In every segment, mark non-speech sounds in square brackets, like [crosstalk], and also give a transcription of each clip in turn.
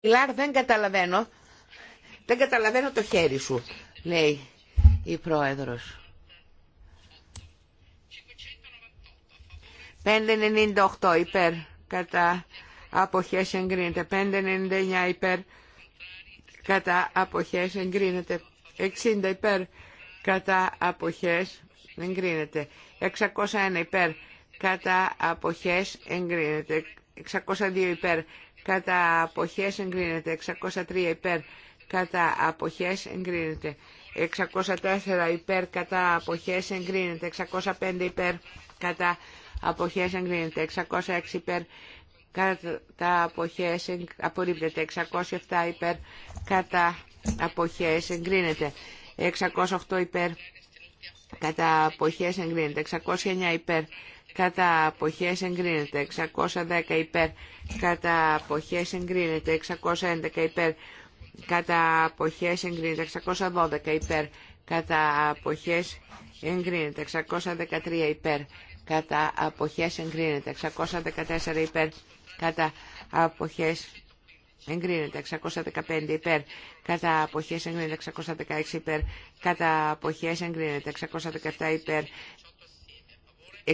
Πιλάρ δεν καταλαβαίνω, δεν καταλαβαίνω το χέρι σου, λέει η πρόεδρος. 5,98 υπέρ κατά αποχές εγκρίνεται. 5,99 υπέρ κατά αποχές εγκρίνεται. 60 υπέρ κατά αποχές εγκρίνεται. 601 υπέρ κατά αποχές εγκρίνεται. 602 υπέρ κατά αποχές εγκρίνεται 603 υπέρ κατά αποχές εγκρίνεται 604 υπέρ κατά αποχές εγκρίνεται 605 υπέρ κατά αποχές εγκρίνεται 606 υπέρ κατά αποχές απορρίπτεται 607 υπέρ κατά αποχές εγκρίνεται 608 υπέρ κατά αποχές εγκρίνεται 609 υπέρ κατά αποχές εγκρίνεται 610 υπέρ κατά αποχές εγκρίνεται 611 υπέρ κατά αποχές εγκρίνεται 612 υπέρ κατά αποχές εγκρίνεται 613 υπέρ κατά αποχές εγκρίνεται 614 υπέρ κατά αποχές εγκρίνεται 615 υπέρ κατά αποχές εγκρίνεται 616 υπέρ κατά αποχές εγκρίνεται 617 υπέρ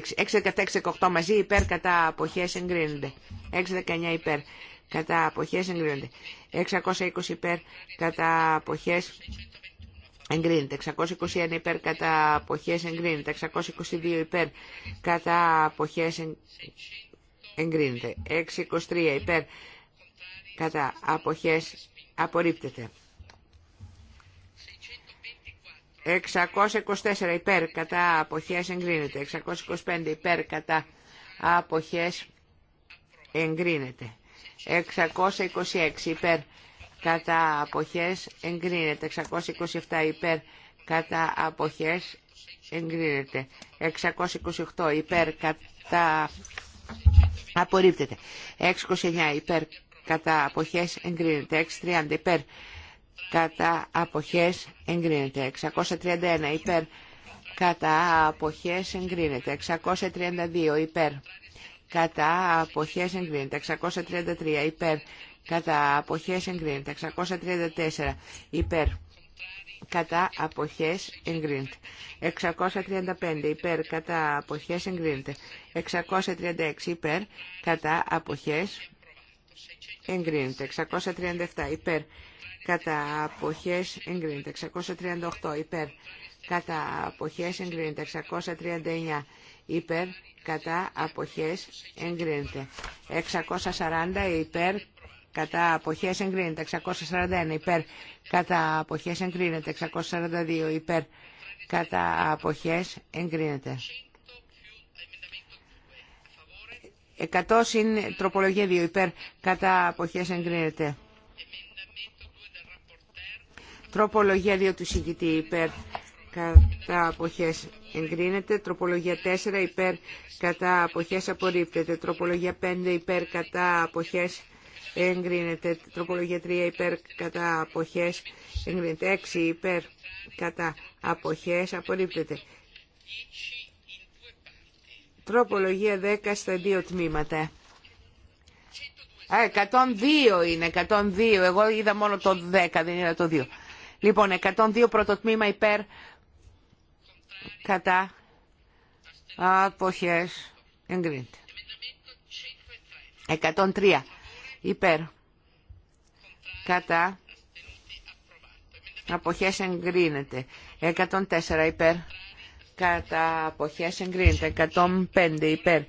6-17-6-18 μαζι κατά αποχές εγκρίνονται. 619 κατά αποχές εγκρίνονται. 620 υπέρ κατά αποχές εγκρίνεται. 621 υπέρ κατά αποχές εγκρίνεται. 622 υπέρ κατά αποχές εγκρίνεται. 623 υπέρ κατά αποχές απορρίπτεται. 624 υπέρ κατά αποχές εγκρίνεται. 625 υπέρ κατά αποχές εγκρίνεται. 626 υπέρ κατά αποχές εγκρίνεται. 627 υπέρ κατά αποχές εγκρίνεται. 628 υπέρ κατά απορρίπτεται. 629 υπέρ κατά αποχές εγκρίνεται. 630 υπέρ κατά αποχές εγκρίνεται 631 υπέρ κατά αποχές εγκρίνεται 632 υπέρ κατά αποχές εγκρίνεται 633 υπέρ κατά αποχές εγκρίνεται 634 υπέρ κατά αποχές εγκρίνεται 635 υπέρ κατά αποχές εγκρίνεται 636 υπέρ κατά αποχές εγκρίνεται 637 υπέρ κατά αποχές εγκρίνεται 638 υπέρ κατά αποχές εγκρίνεται 639 υπέρ κατά αποχές εγκρίνεται 640 υπέρ κατά αποχές εγκρίνεται 641 υπέρ κατά αποχές εγκρίνεται 642 υπέρ κατά αποχές εγκρίνεται 100 είναι τροπολογία 2 υπέρ κατά αποχές εγκρίνεται Τροπολογία 2 του συγκητή υπέρ κατά αποχές εγκρίνεται. Τροπολογία 4 υπέρ κατά αποχές απορρίπτεται. Τροπολογία 5 υπέρ κατά αποχές εγκρίνεται. Τροπολογία 3 υπέρ κατά αποχές εγκρίνεται. 6 υπέρ κατά αποχές απορρίπτεται. Τροπολογία 10 στα δύο τμήματα. 102 είναι, 102. Εγώ είδα μόνο το 10, δεν είδα το 2. Λοιπόν, 102 πρωτοτμήμα υπέρ κατά αποχές εγκρίνεται. 103 υπέρ κατά αποχές εγκρίνεται. 104 υπέρ κατά αποχές εγκρίνεται. 105 υπέρ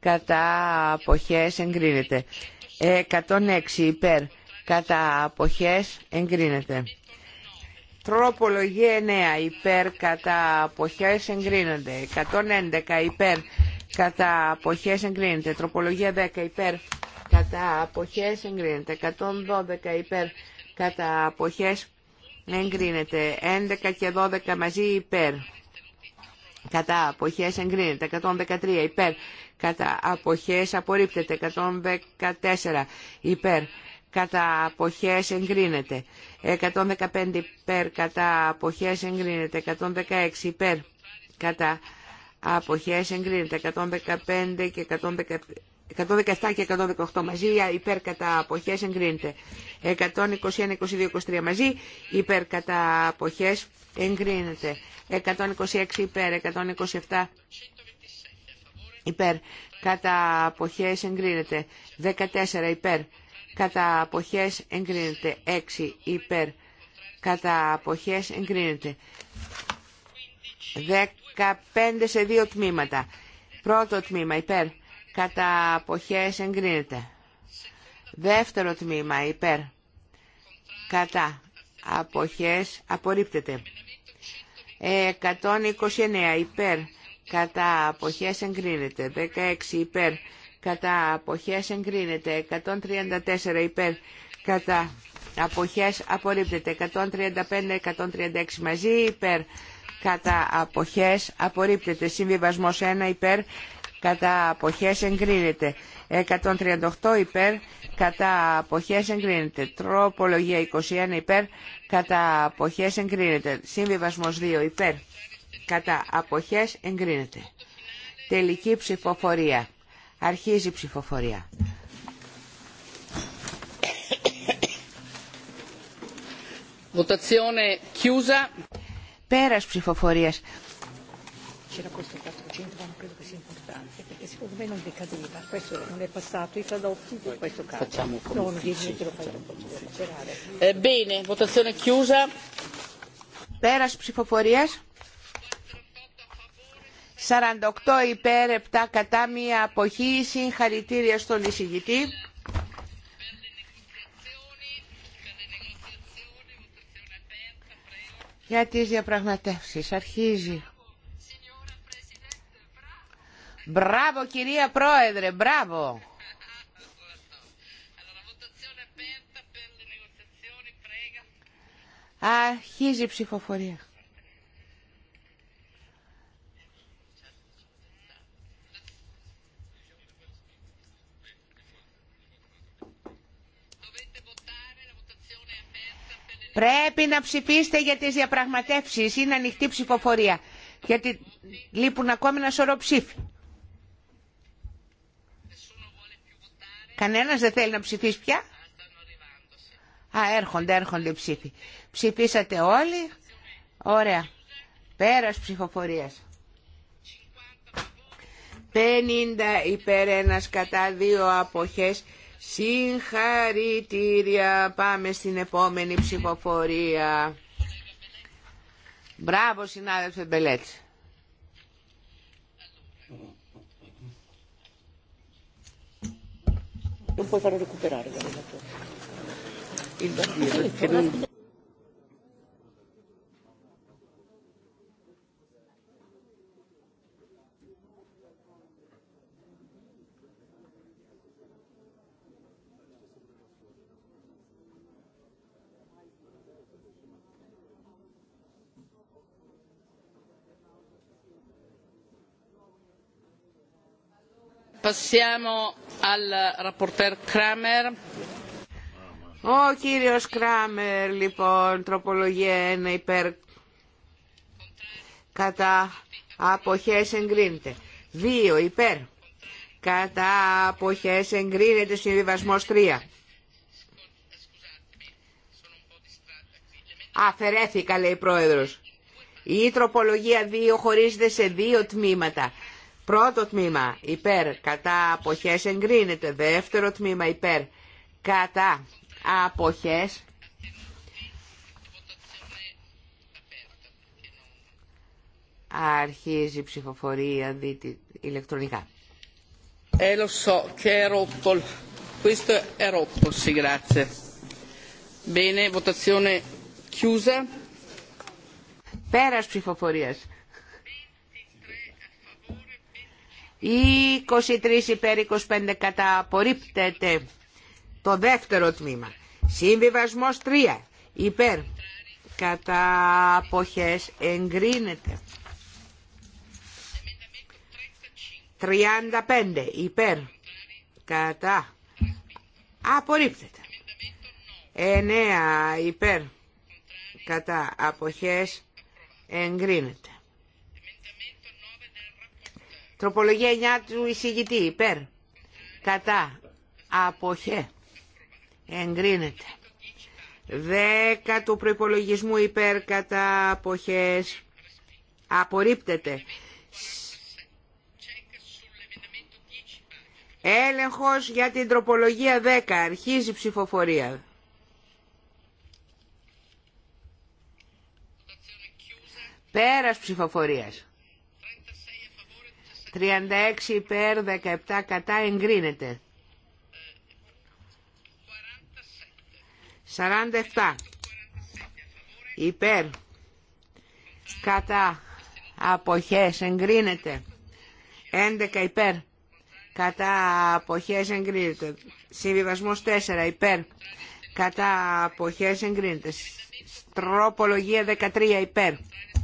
κατά αποχές εγκρίνεται. 106 υπέρ κατά αποχές εγκρίνεται. Τροπολογία 9 υπέρ κατά αποχές εγκρίνονται. 111 υπέρ κατά αποχές εγκρίνεται. Τροπολογία 10 υπέρ κατά αποχές εγκρίνεται. 112 υπέρ κατά αποχές εγκρίνεται. 11 και 12 μαζί υπέρ κατά αποχές εγκρίνεται. 113 υπέρ κατά αποχές απορρίπτεται. 114 υπέρ κατά αποχές εγκρίνεται. 115 υπέρ κατά αποχές εγκρίνεται. 116 υπέρ κατά αποχές εγκρίνεται. 115 και 117 και 118 μαζί, υπέρ κατά αποχές εγκρίνεται. 121, 22, 23 μαζί, υπέρ κατά αποχές εγκρίνεται. 126 υπέρ, 127 υπέρ κατά αποχές εγκρίνεται. 14 υπέρ κατά αποχές εγκρίνεται. 6 υπέρ κατά αποχές εγκρίνεται. 15 σε δύο τμήματα. Πρώτο τμήμα υπέρ κατά αποχές εγκρίνεται. Δεύτερο τμήμα υπέρ κατά αποχές απορρίπτεται. 129 υπέρ κατά αποχές εγκρίνεται. 16 υπέρ κατά αποχές εγκρίνεται 134 υπέρ κατά αποχές απορρίπτεται 135 136 μαζί υπέρ κατά αποχές απορρίπτεται συμβιβασμός 1 υπέρ κατά αποχές εγκρίνεται 138 υπέρ κατά αποχές εγκρίνεται τροπολογία 21 υπέρ κατά αποχές εγκρίνεται συμβιβασμός 2 υπέρ κατά αποχές εγκρίνεται τελική ψηφοφορία Αρχίζει η ψηφοφορία. Votazione chiusa. Πέρας ψηφοφορίας. C'era questo 420, ma non credo che sia importante, perché secondo me non decadeva, questo non è passato, i Fadocchi in questo caso. Facciamo come non, uffici, lo fai dopo, eh, Bene, votazione chiusa. Πέρας ψηφοφορίας. 48 υπέρ 7 κατά μία αποχή συγχαρητήρια στον εισηγητή για τις διαπραγματεύσεις αρχίζει Μπράβο κυρία Πρόεδρε, μπράβο! Αρχίζει η ψηφοφορία. Πρέπει να ψηφίσετε για τις διαπραγματεύσεις. Είναι ανοιχτή ψηφοφορία. Γιατί λείπουν ακόμη ένα σωρό ψήφι. Κανένας δεν θέλει να ψηφίσει πια. Α, έρχονται, έρχονται ψήφοι. Ψηφίσατε όλοι. Ωραία. Πέρας ψηφοφορίας. 50 υπέρ 1 κατά δύο αποχές Συγχαρητήρια. Πάμε στην επόμενη ψηφοφορία. Μπράβο συνάδελφε Μπελέτ. Non puoi Ο κύριο Κράμερ, λοιπόν, τροπολογία 1 υπέρ κατά αποχές εγκρίνεται. 2 υπέρ κατά αποχές εγκρίνεται συμβιβασμός 3. Αφαιρέθηκα, λέει η πρόεδρο. Η τροπολογία 2 χωρίζεται σε δύο τμήματα. Πρώτο τμήμα υπέρ κατά αποχές εγκρίνεται. Δεύτερο τμήμα υπέρ κατά αποχές αρχίζει η ψηφοφορία ηλεκτρονικά. Έλωσο ψηφοφορία. Πέρας ψηφοφορίας. 23 υπέρ 25 κατά απορρίπτεται το δεύτερο τμήμα. Συμβιβασμός 3 υπέρ κατά αποχές εγκρίνεται. 35 υπέρ κατά απορρίπτεται. 9 υπέρ κατά αποχές εγκρίνεται. Τροπολογία 9 του εισηγητή. Υπέρ. Κατά. Αποχέ. Εγκρίνεται. 10 του προϋπολογισμού υπέρ κατά αποχές. Απορρίπτεται. Έλεγχος για την τροπολογία 10. Αρχίζει η ψηφοφορία. Πέρας ψηφοφορίας. 36 υπέρ 17 κατά εγκρίνεται. 47 υπέρ κατά αποχές εγκρίνεται. 11 υπέρ κατά αποχές εγκρίνεται. Συμβιβασμός 4 υπέρ κατά αποχές εγκρίνεται. Τροπολογία 13 υπέρ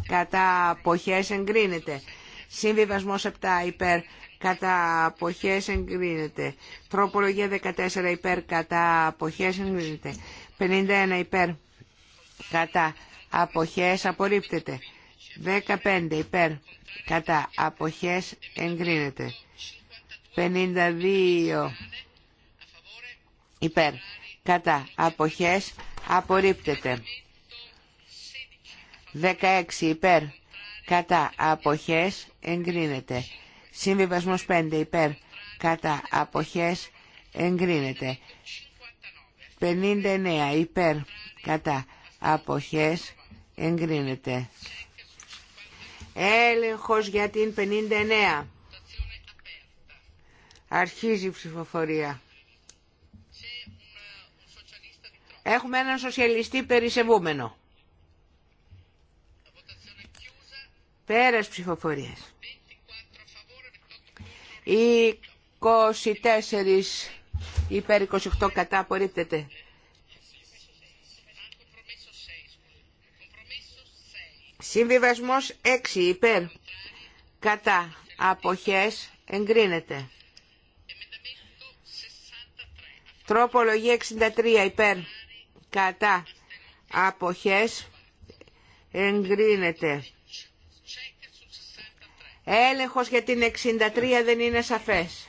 κατά αποχές εγκρίνεται. Συμβιβασμός 7 υπέρ κατά απόχέ εγκρίνεται. Τροπολογία 14 υπέρ κατά απόχέ εγκρίνεται. 51 υπέρ κατά αποχές απορρίπτεται. 15 υπέρ κατά αποχές εγκρίνεται. 52 υπέρ κατά αποχές απορρίπτεται. 16 υπέρ κατά αποχές εγκρίνεται. Συμβιβασμός 5 υπέρ κατά αποχές εγκρίνεται. 59 υπέρ κατά αποχές εγκρίνεται. Έλεγχος για την 59. Αρχίζει η ψηφοφορία. Έχουμε έναν σοσιαλιστή περισεβούμενο. Πέρας ψηφοφορίας. 24 υπέρ 28 κατά απορρίπτεται. Συμβιβασμός 6 υπέρ κατά αποχές εγκρίνεται. Τροπολογία 63 υπέρ κατά αποχές εγκρίνεται. Έλεγχος για την 63 δεν είναι σαφές.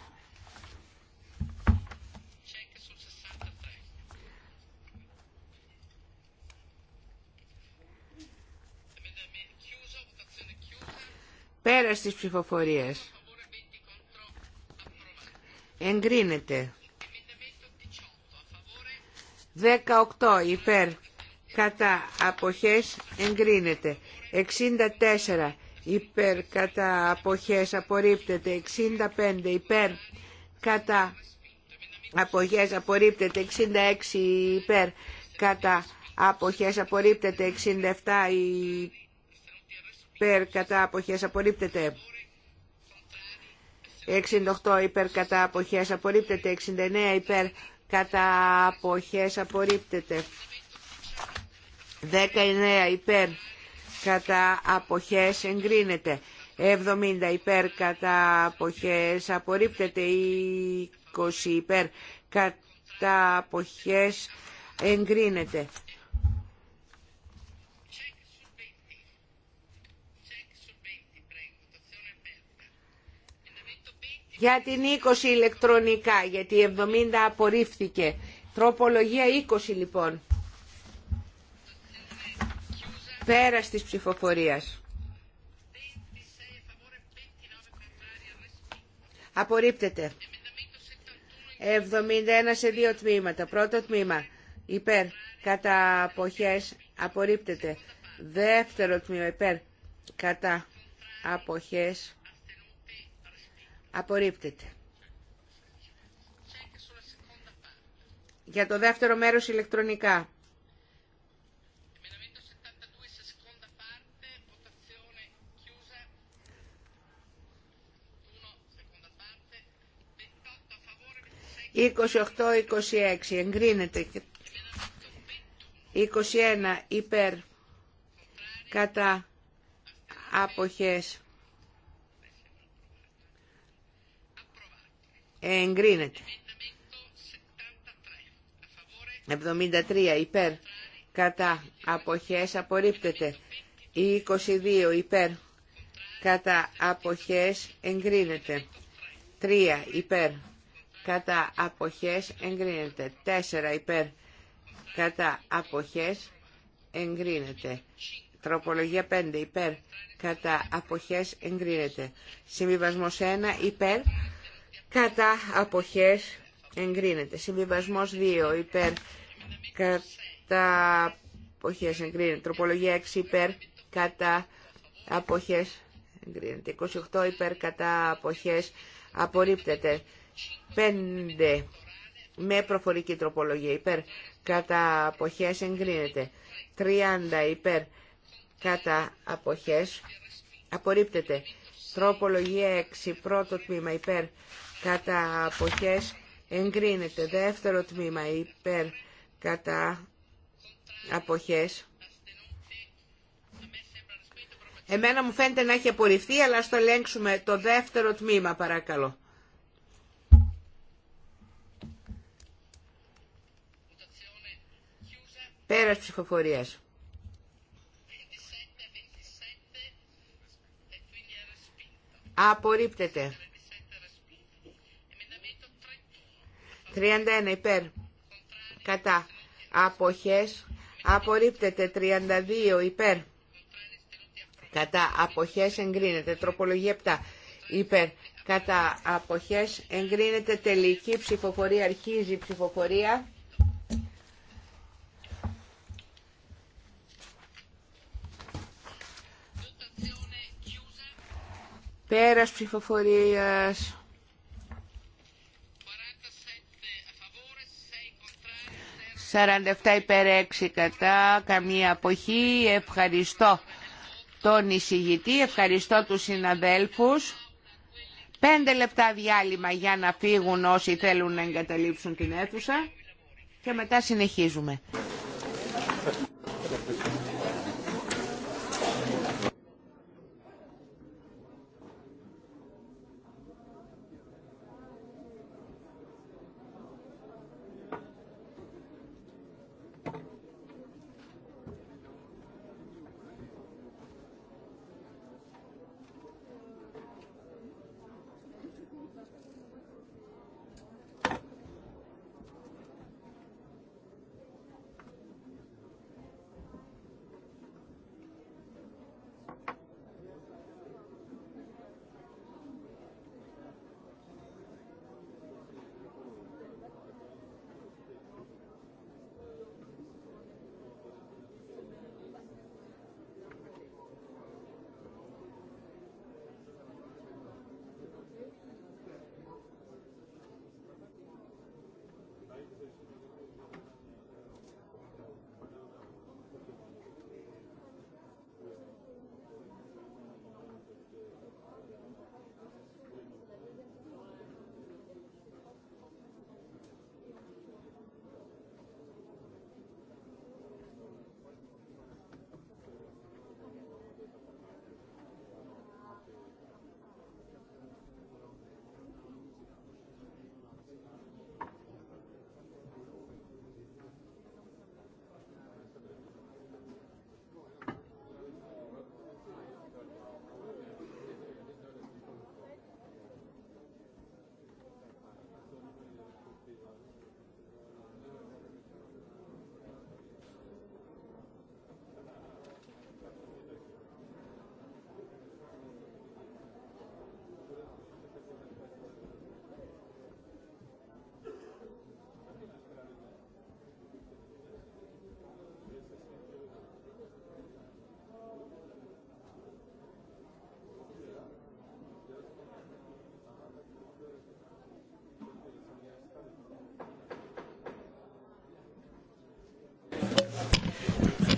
Πέρα στις ψηφοφορίες. Εγκρίνεται. 18 υπέρ κατά αποχές εγκρίνεται. 64 υπέρ κατά αποχές απορρίπτεται 65 υπέρ κατά αποχές απορρίπτεται 66 υπέρ κατά αποχές απορρίπτεται 67 υπέρ κατά αποχές απορρίπτεται 68 υπέρ κατά αποχές απορρίπτεται 69 υπέρ κατά αποχές απορρίπτεται 19 υπέρ κατά αποχές εγκρίνεται. 70 υπέρ κατά αποχές απορρίπτεται. 20 υπέρ κατά αποχές εγκρίνεται. Για την 20 ηλεκτρονικά, γιατί 70 απορρίφθηκε. Τροπολογία 20 λοιπόν. Πέρας της ψηφοφορίας. Απορρίπτεται. 71 σε δύο τμήματα. Πρώτο τμήμα. Υπέρ. Κατά αποχές. Απορρίπτεται. Δεύτερο τμήμα. Υπέρ. Κατά αποχές. Απορρίπτεται. Για το δεύτερο μέρος ηλεκτρονικά. 28-26 εγκρίνεται. 21 υπέρ κατά αποχές εγκρίνεται. 73 υπέρ κατά αποχές απορρίπτεται. 22 υπέρ κατά αποχές εγκρίνεται. 3 υπέρ κατά αποχές εγκρίνεται. 4 υπέρ κατά αποχές εγκρίνεται. Τροπολογία 5 υπέρ κατά αποχές εγκρίνεται. Συμβιβασμός 1 υπέρ κατά αποχές εγκρίνεται. Συμβιβασμός 2 υπέρ κατά αποχές εγκρίνεται. Τροπολογία 6 υπέρ κατά αποχές εγκρίνεται. 28 υπέρ κατά αποχές απορρίπτεται. 5 με προφορική τροπολογία υπέρ κατά αποχές εγκρίνεται 30 υπέρ κατά αποχές απορρίπτεται τροπολογία 6 πρώτο τμήμα υπέρ κατά αποχές εγκρίνεται δεύτερο τμήμα υπέρ κατά αποχές Εμένα μου φαίνεται να έχει απορριφθεί, αλλά στο ελέγξουμε το δεύτερο τμήμα, παρακαλώ. Πέρας ψηφοφορία. Απορρίπτεται. 31 υπέρ. Κατά. Αποχές. Απορρίπτεται. 32 υπέρ. Κατά. Αποχές εγκρίνεται. Τροπολογία 7 υπέρ. Κατά. Αποχές εγκρίνεται. Τελική ψηφοφορία. Αρχίζει η ψηφοφορία. Πέρας ψηφοφορίας. 47 υπέρ 6 κατά, καμία αποχή. Ευχαριστώ τον εισηγητή, ευχαριστώ τους συναδέλφους. Πέντε λεπτά διάλειμμα για να φύγουν όσοι θέλουν να εγκαταλείψουν την αίθουσα και μετά συνεχίζουμε.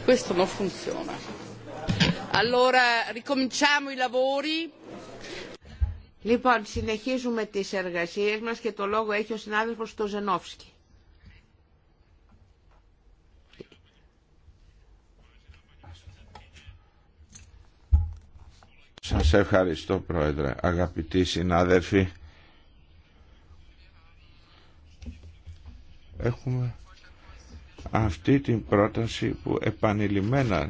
questo non funziona. Allora ricominciamo i lavori. Λοιπόν, συνεχίζουμε τις εργασίες μας και το λόγο έχει ο συνάδελφος το Ζενόφσκι. Σας ευχαριστώ Πρόεδρε, αγαπητοί συνάδελφοι. Έχουμε αυτή την πρόταση που επανειλημμένα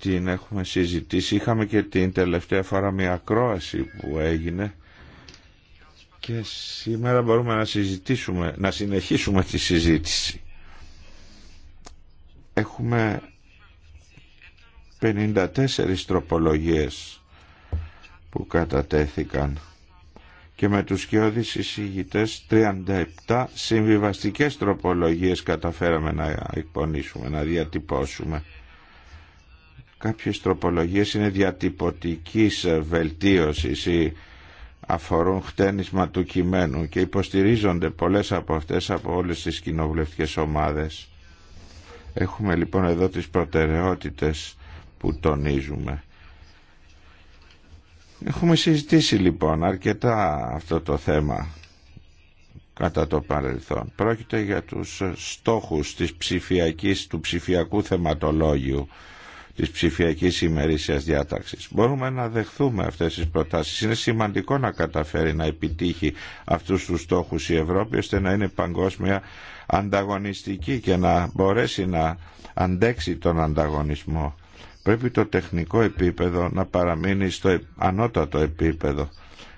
την έχουμε συζητήσει. Είχαμε και την τελευταία φορά μια ακρόαση που έγινε και σήμερα μπορούμε να συζητήσουμε, να συνεχίσουμε τη συζήτηση. Έχουμε 54 τροπολογίες που κατατέθηκαν και με τους σκιώδεις εισηγητές 37 συμβιβαστικές τροπολογίες καταφέραμε να εκπονήσουμε, να διατυπώσουμε. Κάποιες τροπολογίες είναι διατυπωτικής βελτίωσης ή αφορούν χτένισμα του κειμένου και υποστηρίζονται πολλές από αυτές από όλες τις κοινοβουλευτικές ομάδες. Έχουμε λοιπόν εδώ τις προτεραιότητες που τονίζουμε Έχουμε συζητήσει λοιπόν αρκετά αυτό το θέμα κατά το παρελθόν. Πρόκειται για τους στόχους της ψηφιακής, του ψηφιακού θεματολόγιου της ψηφιακής ημερήσιας διάταξης. Μπορούμε να δεχθούμε αυτές τις προτάσεις. Είναι σημαντικό να καταφέρει να επιτύχει αυτούς τους στόχους η Ευρώπη ώστε να είναι παγκόσμια ανταγωνιστική και να μπορέσει να αντέξει τον ανταγωνισμό πρέπει το τεχνικό επίπεδο να παραμείνει στο ανώτατο επίπεδο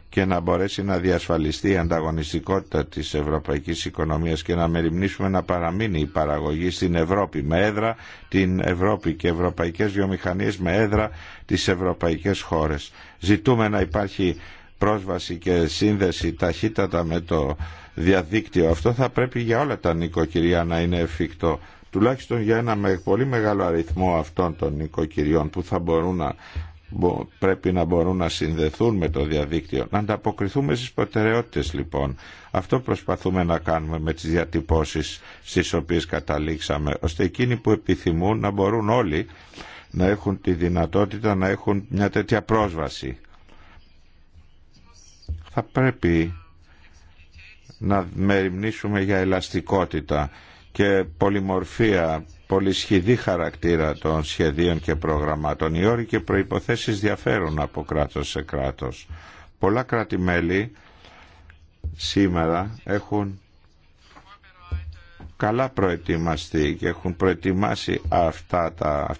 και να μπορέσει να διασφαλιστεί η ανταγωνιστικότητα της ευρωπαϊκής οικονομίας και να μεριμνήσουμε να παραμείνει η παραγωγή στην Ευρώπη με έδρα την Ευρώπη και ευρωπαϊκές βιομηχανίες με έδρα τις ευρωπαϊκές χώρες. Ζητούμε να υπάρχει πρόσβαση και σύνδεση ταχύτατα με το διαδίκτυο. Αυτό θα πρέπει για όλα τα νοικοκυριά να είναι εφικτό τουλάχιστον για ένα με πολύ μεγάλο αριθμό αυτών των οικοκυριών που θα μπορούν πρέπει να μπορούν να συνδεθούν με το διαδίκτυο. Να ανταποκριθούμε στις προτεραιότητες λοιπόν. Αυτό προσπαθούμε να κάνουμε με τις διατυπώσεις στις οποίες καταλήξαμε, ώστε εκείνοι που επιθυμούν να μπορούν όλοι να έχουν τη δυνατότητα να έχουν μια τέτοια πρόσβαση. Θα πρέπει να μεριμνήσουμε για ελαστικότητα και πολυμορφία πολυσχηδή χαρακτήρα των σχεδίων και προγραμμάτων. Οι όροι και προϋποθέσεις διαφέρουν από κράτος σε κράτος. Πολλά κράτη-μέλη σήμερα έχουν καλά προετοιμαστεί και έχουν προετοιμάσει αυτά τα,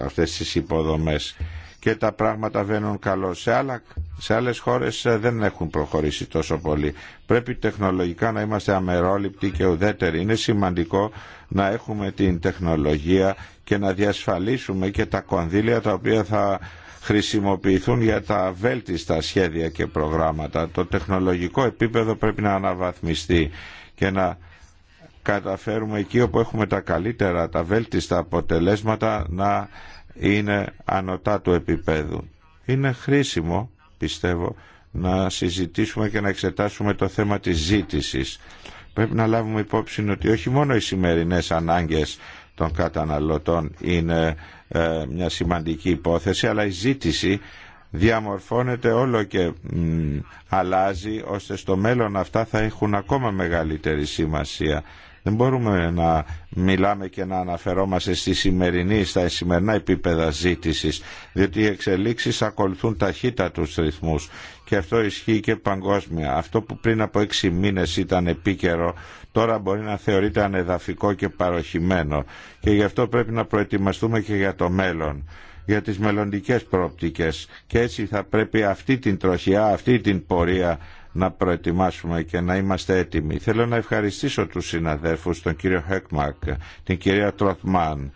αυτές τις υποδομές και τα πράγματα βαίνουν καλό. Σε, άλλα, σε άλλες χώρες ε, δεν έχουν προχωρήσει τόσο πολύ. Πρέπει τεχνολογικά να είμαστε αμερόληπτοι και ουδέτεροι. Είναι σημαντικό να έχουμε την τεχνολογία και να διασφαλίσουμε και τα κονδύλια τα οποία θα χρησιμοποιηθούν για τα βέλτιστα σχέδια και προγράμματα. Το τεχνολογικό επίπεδο πρέπει να αναβαθμιστεί και να καταφέρουμε εκεί όπου έχουμε τα καλύτερα, τα βέλτιστα αποτελέσματα να είναι ανωτά του επίπεδου. Είναι χρήσιμο, πιστεύω, να συζητήσουμε και να εξετάσουμε το θέμα της ζήτησης. Πρέπει να λάβουμε υπόψη ότι όχι μόνο οι σημερινές ανάγκες των καταναλωτών είναι ε, μια σημαντική υπόθεση, αλλά η ζήτηση διαμορφώνεται όλο και αλλάζει, ώστε στο μέλλον αυτά θα έχουν ακόμα μεγαλύτερη σημασία. Δεν μπορούμε να μιλάμε και να αναφερόμαστε στη σημερινή, στα σημερινά επίπεδα ζήτησης, διότι οι εξελίξεις ακολουθούν ταχύτατους τους ρυθμούς και αυτό ισχύει και παγκόσμια. Αυτό που πριν από έξι μήνες ήταν επίκαιρο, τώρα μπορεί να θεωρείται ανεδαφικό και παροχημένο και γι' αυτό πρέπει να προετοιμαστούμε και για το μέλλον για τις μελλοντικές πρόπτικες και έτσι θα πρέπει αυτή την τροχιά, αυτή την πορεία να προετοιμάσουμε και να είμαστε έτοιμοι. Θέλω να ευχαριστήσω τους συναδέρφους, τον κύριο Χέκμακ, την κυρία Τροθμάν,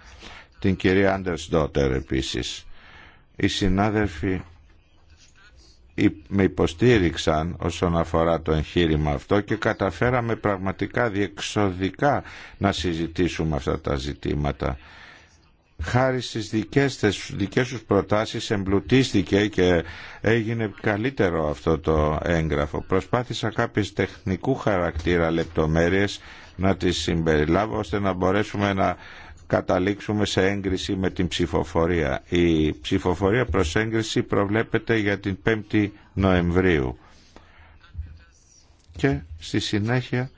την κυρία Άντερς Ντότερ επίσης. Οι συνάδελφοι με υποστήριξαν όσον αφορά το εγχείρημα αυτό και καταφέραμε πραγματικά διεξοδικά να συζητήσουμε αυτά τα ζητήματα χάρη στις δικές, τις δικές τους προτάσεις εμπλουτίστηκε και έγινε καλύτερο αυτό το έγγραφο. Προσπάθησα κάποιες τεχνικού χαρακτήρα λεπτομέρειες να τις συμπεριλάβω ώστε να μπορέσουμε να καταλήξουμε σε έγκριση με την ψηφοφορία. Η ψηφοφορία προς έγκριση προβλέπεται για την 5η Νοεμβρίου. Και στη συνέχεια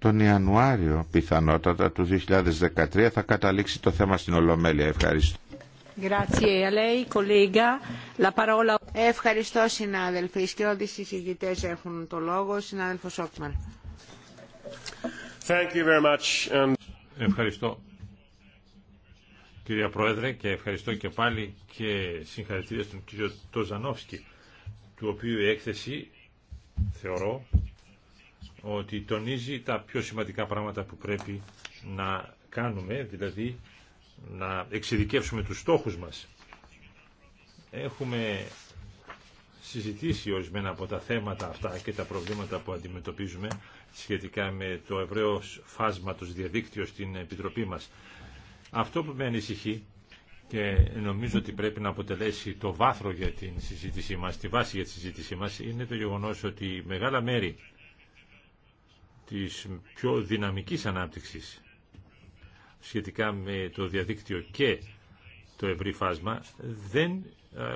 τον Ιανουάριο πιθανότατα του 2013 θα καταλήξει το θέμα στην Ολομέλεια. Ευχαριστώ. Ευχαριστώ συνάδελφοι. Οι σκιώδεις συζητητές έχουν το λόγο. Συνάδελφος Όκμαν. Ευχαριστώ κυρία Πρόεδρε και ευχαριστώ και πάλι και συγχαρητήρια στον κύριο Τοζανόφσκι του οποίου η έκθεση θεωρώ ότι τονίζει τα πιο σημαντικά πράγματα που πρέπει να κάνουμε, δηλαδή να εξειδικεύσουμε τους στόχους μας. Έχουμε συζητήσει ορισμένα από τα θέματα αυτά και τα προβλήματα που αντιμετωπίζουμε σχετικά με το ευρέω φάσμα του διαδίκτυο στην Επιτροπή μας. Αυτό που με ανησυχεί και νομίζω ότι πρέπει να αποτελέσει το βάθρο για την συζήτησή μας, τη βάση για τη συζήτησή μας, είναι το γεγονός ότι μεγάλα μέρη της πιο δυναμικής ανάπτυξης σχετικά με το διαδίκτυο και το ευρύ φάσμα δεν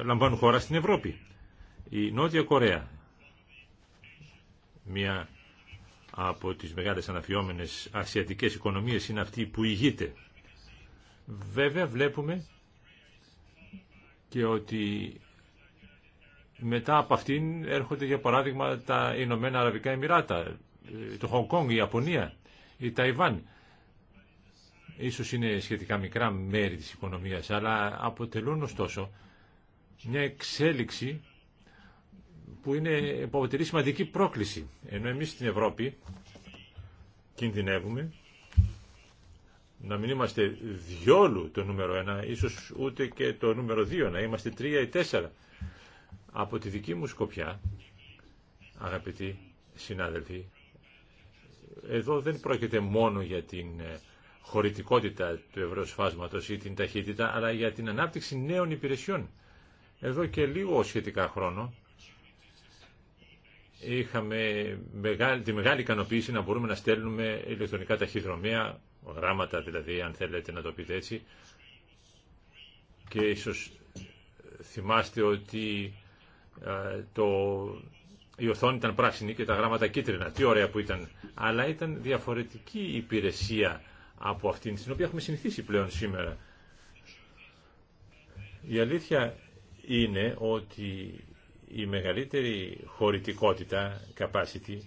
λαμβάνουν χώρα στην Ευρώπη. Η Νότια Κορέα, μια από τις μεγάλες αναφιόμενες ασιατικές οικονομίες είναι αυτή που ηγείται. Βέβαια βλέπουμε και ότι μετά από αυτήν έρχονται για παράδειγμα τα Ηνωμένα Αραβικά Εμμυράτα, ε, το Χονγκ η Ιαπωνία, η Ταϊβάν. Ίσως είναι σχετικά μικρά μέρη της οικονομίας, αλλά αποτελούν ωστόσο μια εξέλιξη που είναι, που αποτελεί σημαντική πρόκληση. Ενώ εμείς στην Ευρώπη κινδυνεύουμε να μην είμαστε διόλου το νούμερο ένα, ίσως ούτε και το νούμερο δύο, να είμαστε τρία ή τέσσερα. Από τη δική μου σκοπιά, αγαπητοί συνάδελφοι, εδώ δεν πρόκειται μόνο για την ε, χωρητικότητα του ευρωσφάσματος ή την ταχύτητα, αλλά για την ανάπτυξη νέων υπηρεσιών. Εδώ και λίγο σχετικά χρόνο είχαμε μεγάλη, τη μεγάλη ικανοποίηση να μπορούμε να στέλνουμε ηλεκτρονικά ταχυδρομεία, γράμματα δηλαδή, αν θέλετε να το πείτε έτσι, και ίσως θυμάστε ότι ε, το η οθόνη ήταν πράσινη και τα γράμματα κίτρινα. Τι ωραία που ήταν. Αλλά ήταν διαφορετική υπηρεσία από αυτήν στην οποία έχουμε συνηθίσει πλέον σήμερα. Η αλήθεια είναι ότι η μεγαλύτερη χωρητικότητα, capacity,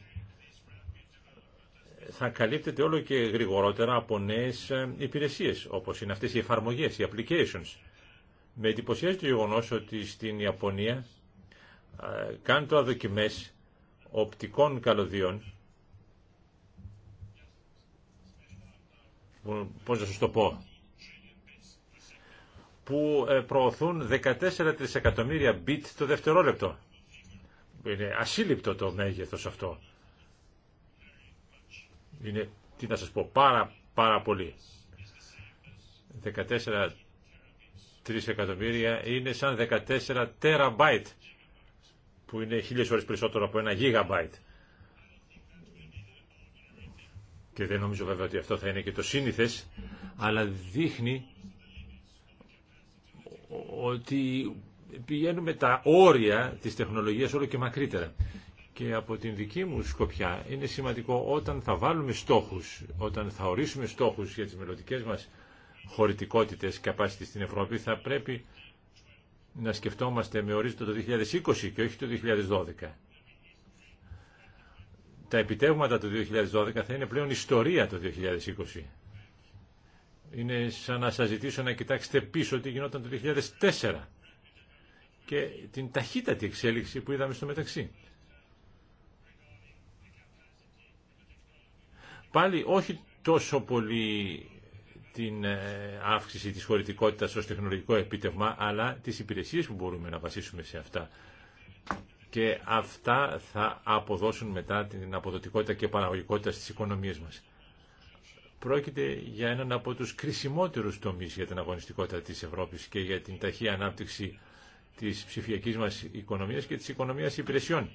θα καλύπτεται όλο και γρηγορότερα από νέες υπηρεσίες, όπως είναι αυτές οι εφαρμογές, οι applications. Με εντυπωσιάζει το γεγονό ότι στην Ιαπωνία ε, κάνουν τώρα δοκιμές οπτικών καλωδίων πώς να σας το πω που ε, προωθούν 14 τρισεκατομμύρια bit το δευτερόλεπτο. Είναι ασύλληπτο το μέγεθος αυτό. Είναι, τι να σας πω, πάρα πάρα πολύ. 14 τρισεκατομμύρια είναι σαν 14 τεραμπάιτ που είναι χίλιες ώρες περισσότερο από ένα γίγαμπάιτ. Και δεν νομίζω βέβαια ότι αυτό θα είναι και το σύνηθες, αλλά δείχνει ότι πηγαίνουμε τα όρια της τεχνολογίας όλο και μακρύτερα. Και από την δική μου σκοπιά είναι σημαντικό όταν θα βάλουμε στόχους, όταν θα ορίσουμε στόχους για τις μελλοντικέ μας χωρητικότητες και στην Ευρώπη, θα πρέπει να σκεφτόμαστε με ορίζοντα το 2020 και όχι το 2012. Τα επιτεύγματα του 2012 θα είναι πλέον ιστορία το 2020. Είναι σαν να σας ζητήσω να κοιτάξετε πίσω τι γινόταν το 2004 και την ταχύτατη εξέλιξη που είδαμε στο μεταξύ. Πάλι όχι τόσο πολύ την ε, αύξηση της χωρητικότητας ως τεχνολογικό επίτευγμα, αλλά τις υπηρεσίες που μπορούμε να βασίσουμε σε αυτά. Και αυτά θα αποδώσουν μετά την αποδοτικότητα και παραγωγικότητα στις οικονομίες μας. Πρόκειται για έναν από τους κρισιμότερους τομείς για την αγωνιστικότητα της Ευρώπης και για την ταχεία ανάπτυξη της ψηφιακής μας οικονομίας και της οικονομίας υπηρεσιών,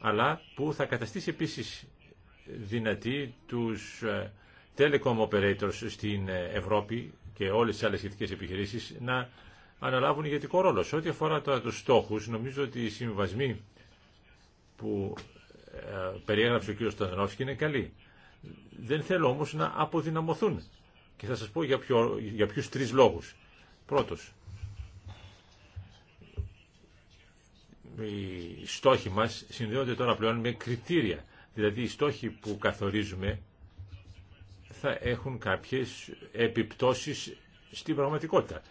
αλλά που θα καταστήσει επίσης δυνατή τους ε, telecom operators στην ε, Ευρώπη και όλες τις άλλες σχετικές επιχειρήσεις να αναλάβουν ηγετικό ρόλο. Σε ό,τι αφορά τώρα τους στόχους, νομίζω ότι οι συμβασμοί που ε, περιέγραψε ο κ. Στανδρόφσκι είναι καλοί. Δεν θέλω όμως να αποδυναμωθούν. Και θα σας πω για, ποιο, για ποιους τρεις λόγους. Πρώτος, οι στόχοι μας συνδέονται τώρα πλέον με κριτήρια. Δηλαδή οι στόχοι που καθορίζουμε θα έχουν κάποιες επιπτώσεις στην πραγματικότητα.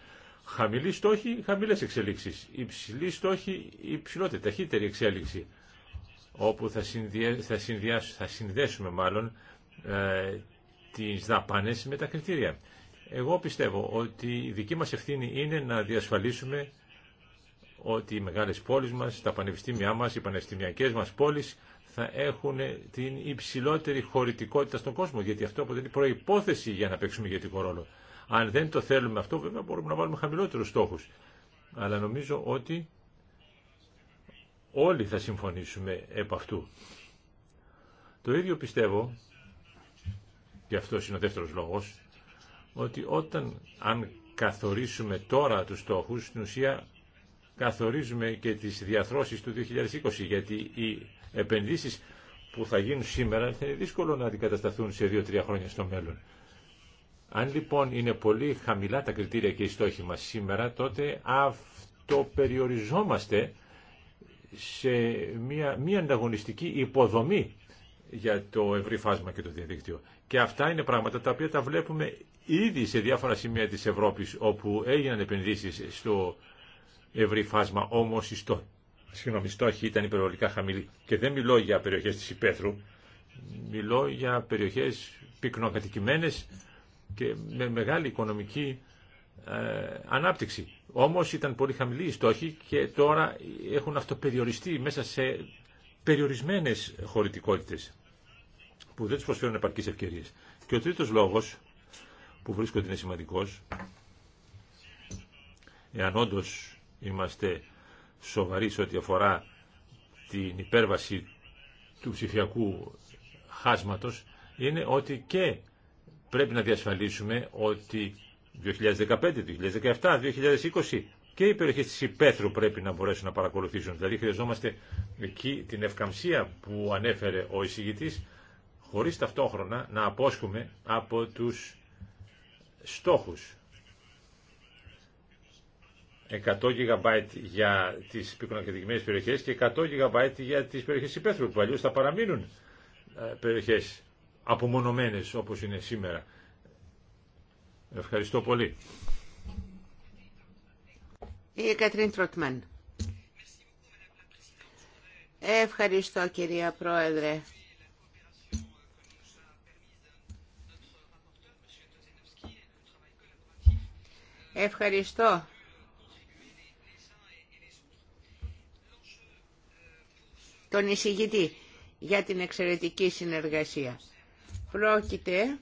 Χαμηλή στόχη, χαμηλές εξελίξεις. Υψηλή στόχη, υψηλότερη, ταχύτερη εξέλιξη. Όπου θα, θα, θα συνδέσουμε μάλλον ε, τις δαπάνες με τα κριτήρια. Εγώ πιστεύω ότι η δική μας ευθύνη είναι να διασφαλίσουμε ότι οι μεγάλες πόλεις μας, τα πανεπιστήμια μας, οι πανεπιστημιακές μας πόλεις θα έχουν την υψηλότερη χωρητικότητα στον κόσμο, γιατί αυτό αποτελεί προπόθεση για να παίξουμε ηγετικό ρόλο. Αν δεν το θέλουμε αυτό, βέβαια μπορούμε να βάλουμε χαμηλότερου στόχου. Αλλά νομίζω ότι όλοι θα συμφωνήσουμε επ' αυτού. Το ίδιο πιστεύω, και αυτό είναι ο δεύτερος λόγος, ότι όταν αν καθορίσουμε τώρα τους στόχους, στην ουσία καθορίζουμε και τις διαθρώσεις του 2020, γιατί η επενδύσεις που θα γίνουν σήμερα θα είναι δύσκολο να αντικατασταθούν σε 2-3 χρόνια στο μέλλον. Αν λοιπόν είναι πολύ χαμηλά τα κριτήρια και οι στόχοι μας σήμερα, τότε αυτοπεριοριζόμαστε σε μια, μια ανταγωνιστική υποδομή για το ευρύ φάσμα και το διαδίκτυο. Και αυτά είναι πράγματα τα οποία τα βλέπουμε ήδη σε διάφορα σημεία της Ευρώπης όπου έγιναν επενδύσεις στο ευρύ φάσμα, όμως ιστό συγγνώμη, στόχοι ήταν υπερβολικά χαμηλοί. Και δεν μιλώ για περιοχές της Υπέθρου. μιλώ για περιοχές πυκνοκατοικημένες και με μεγάλη οικονομική ε, ανάπτυξη. Όμως ήταν πολύ χαμηλοί οι στόχοι και τώρα έχουν αυτοπεριοριστεί μέσα σε περιορισμένες χωρητικότητες που δεν τους προσφέρουν επαρκείς ευκαιρίες. Και ο τρίτος λόγος που βρίσκω ότι είναι σημαντικός, εάν όντω είμαστε σοβαρή σε ό,τι αφορά την υπέρβαση του ψηφιακού χάσματος είναι ότι και πρέπει να διασφαλίσουμε ότι 2015, 2017, 2020 και οι περιοχές της Υπέθρου πρέπει να μπορέσουν να παρακολουθήσουν. Δηλαδή χρειαζόμαστε εκεί την ευκαμψία που ανέφερε ο εισηγητής χωρίς ταυτόχρονα να απόσχουμε από τους στόχους. 100 GB για τις πυκνοκατοικημένε περιοχέ και 100 GB για τις περιοχέ υπαίθρου που αλλιώ θα παραμείνουν ε, περιοχέ απομονωμένες όπως είναι σήμερα. Ευχαριστώ πολύ. Κατρίν Ευχαριστώ κυρία Πρόεδρε. Ευχαριστώ τον εισηγητή για την εξαιρετική συνεργασία. Πρόκειται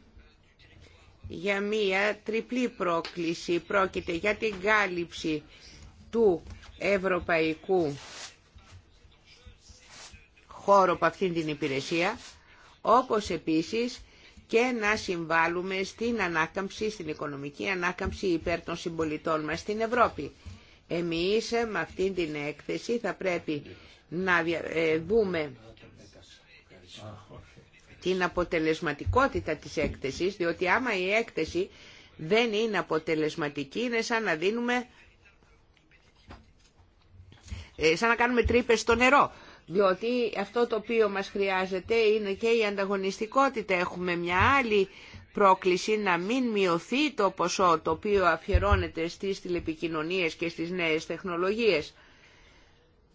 για μία τριπλή πρόκληση. Πρόκειται για την κάλυψη του ευρωπαϊκού χώρου από αυτήν την υπηρεσία, όπως επίσης και να συμβάλλουμε στην ανάκαμψη, στην οικονομική ανάκαμψη υπέρ των συμπολιτών μας στην Ευρώπη. Εμείς ε, με αυτή την έκθεση θα πρέπει να ε, δούμε την αποτελεσματικότητα της έκθεσης, διότι άμα η έκθεση δεν είναι αποτελεσματική, είναι σαν να δίνουμε, ε, σαν κάνουμε τρύπες στο νερό. Διότι αυτό το οποίο μας χρειάζεται είναι και η ανταγωνιστικότητα. Έχουμε μια άλλη πρόκληση να μην μειωθεί το ποσό το οποίο αφιερώνεται στις τηλεπικοινωνίες και στις νέες τεχνολογίες.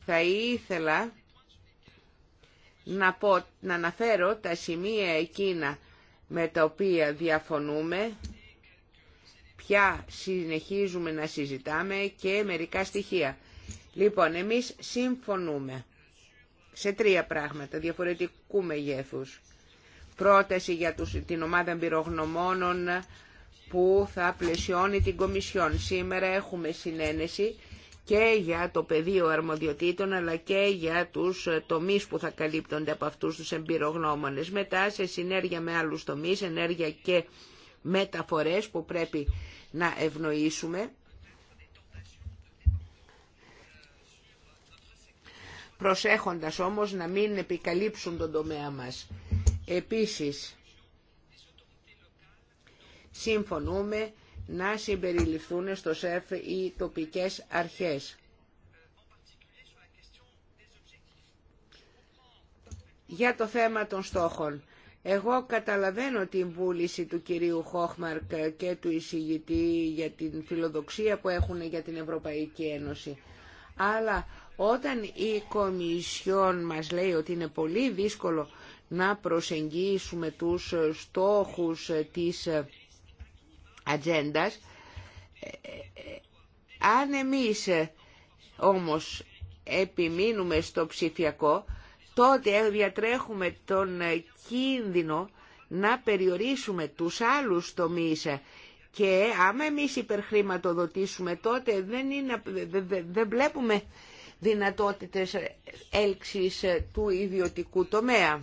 Θα ήθελα να, να αναφέρω τα σημεία εκείνα με τα οποία διαφωνούμε, ποια συνεχίζουμε να συζητάμε και μερικά στοιχεία. Λοιπόν, εμείς συμφωνούμε σε τρία πράγματα διαφορετικού μεγέθους πρόταση για τους, την ομάδα εμπειρογνωμόνων που θα πλαισιώνει την Κομισιόν. Σήμερα έχουμε συνένεση και για το πεδίο αρμοδιοτήτων αλλά και για τους τομείς που θα καλύπτονται από αυτούς τους εμπειρογνώμονες. Μετά σε συνέργεια με άλλους τομείς, ενέργεια και μεταφορές που πρέπει να ευνοήσουμε. Προσέχοντας όμως να μην επικαλύψουν τον τομέα μας. Επίσης, συμφωνούμε να συμπεριληφθούν στο ΣΕΦ οι τοπικές αρχές. Για το θέμα των στόχων. Εγώ καταλαβαίνω την βούληση του κυρίου Χόχμαρκ και του εισηγητή για την φιλοδοξία που έχουν για την Ευρωπαϊκή Ένωση. Αλλά όταν η Κομισιόν μας λέει ότι είναι πολύ δύσκολο να προσεγγίσουμε τους στόχους της ατζέντα. Αν εμείς όμως επιμείνουμε στο ψηφιακό, τότε διατρέχουμε τον κίνδυνο να περιορίσουμε τους άλλους τομείς και άμα εμείς υπερχρηματοδοτήσουμε τότε δεν, είναι, δεν βλέπουμε δυνατότητες έλξης του ιδιωτικού τομέα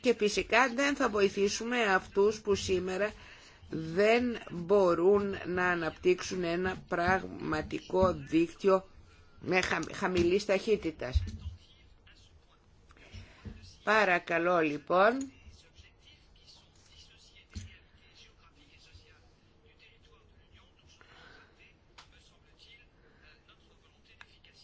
και φυσικά δεν θα βοηθήσουμε αυτούς που σήμερα δεν μπορούν να αναπτύξουν ένα πραγματικό δίκτυο με χαμηλής ταχύτητας. Παρακαλώ λοιπόν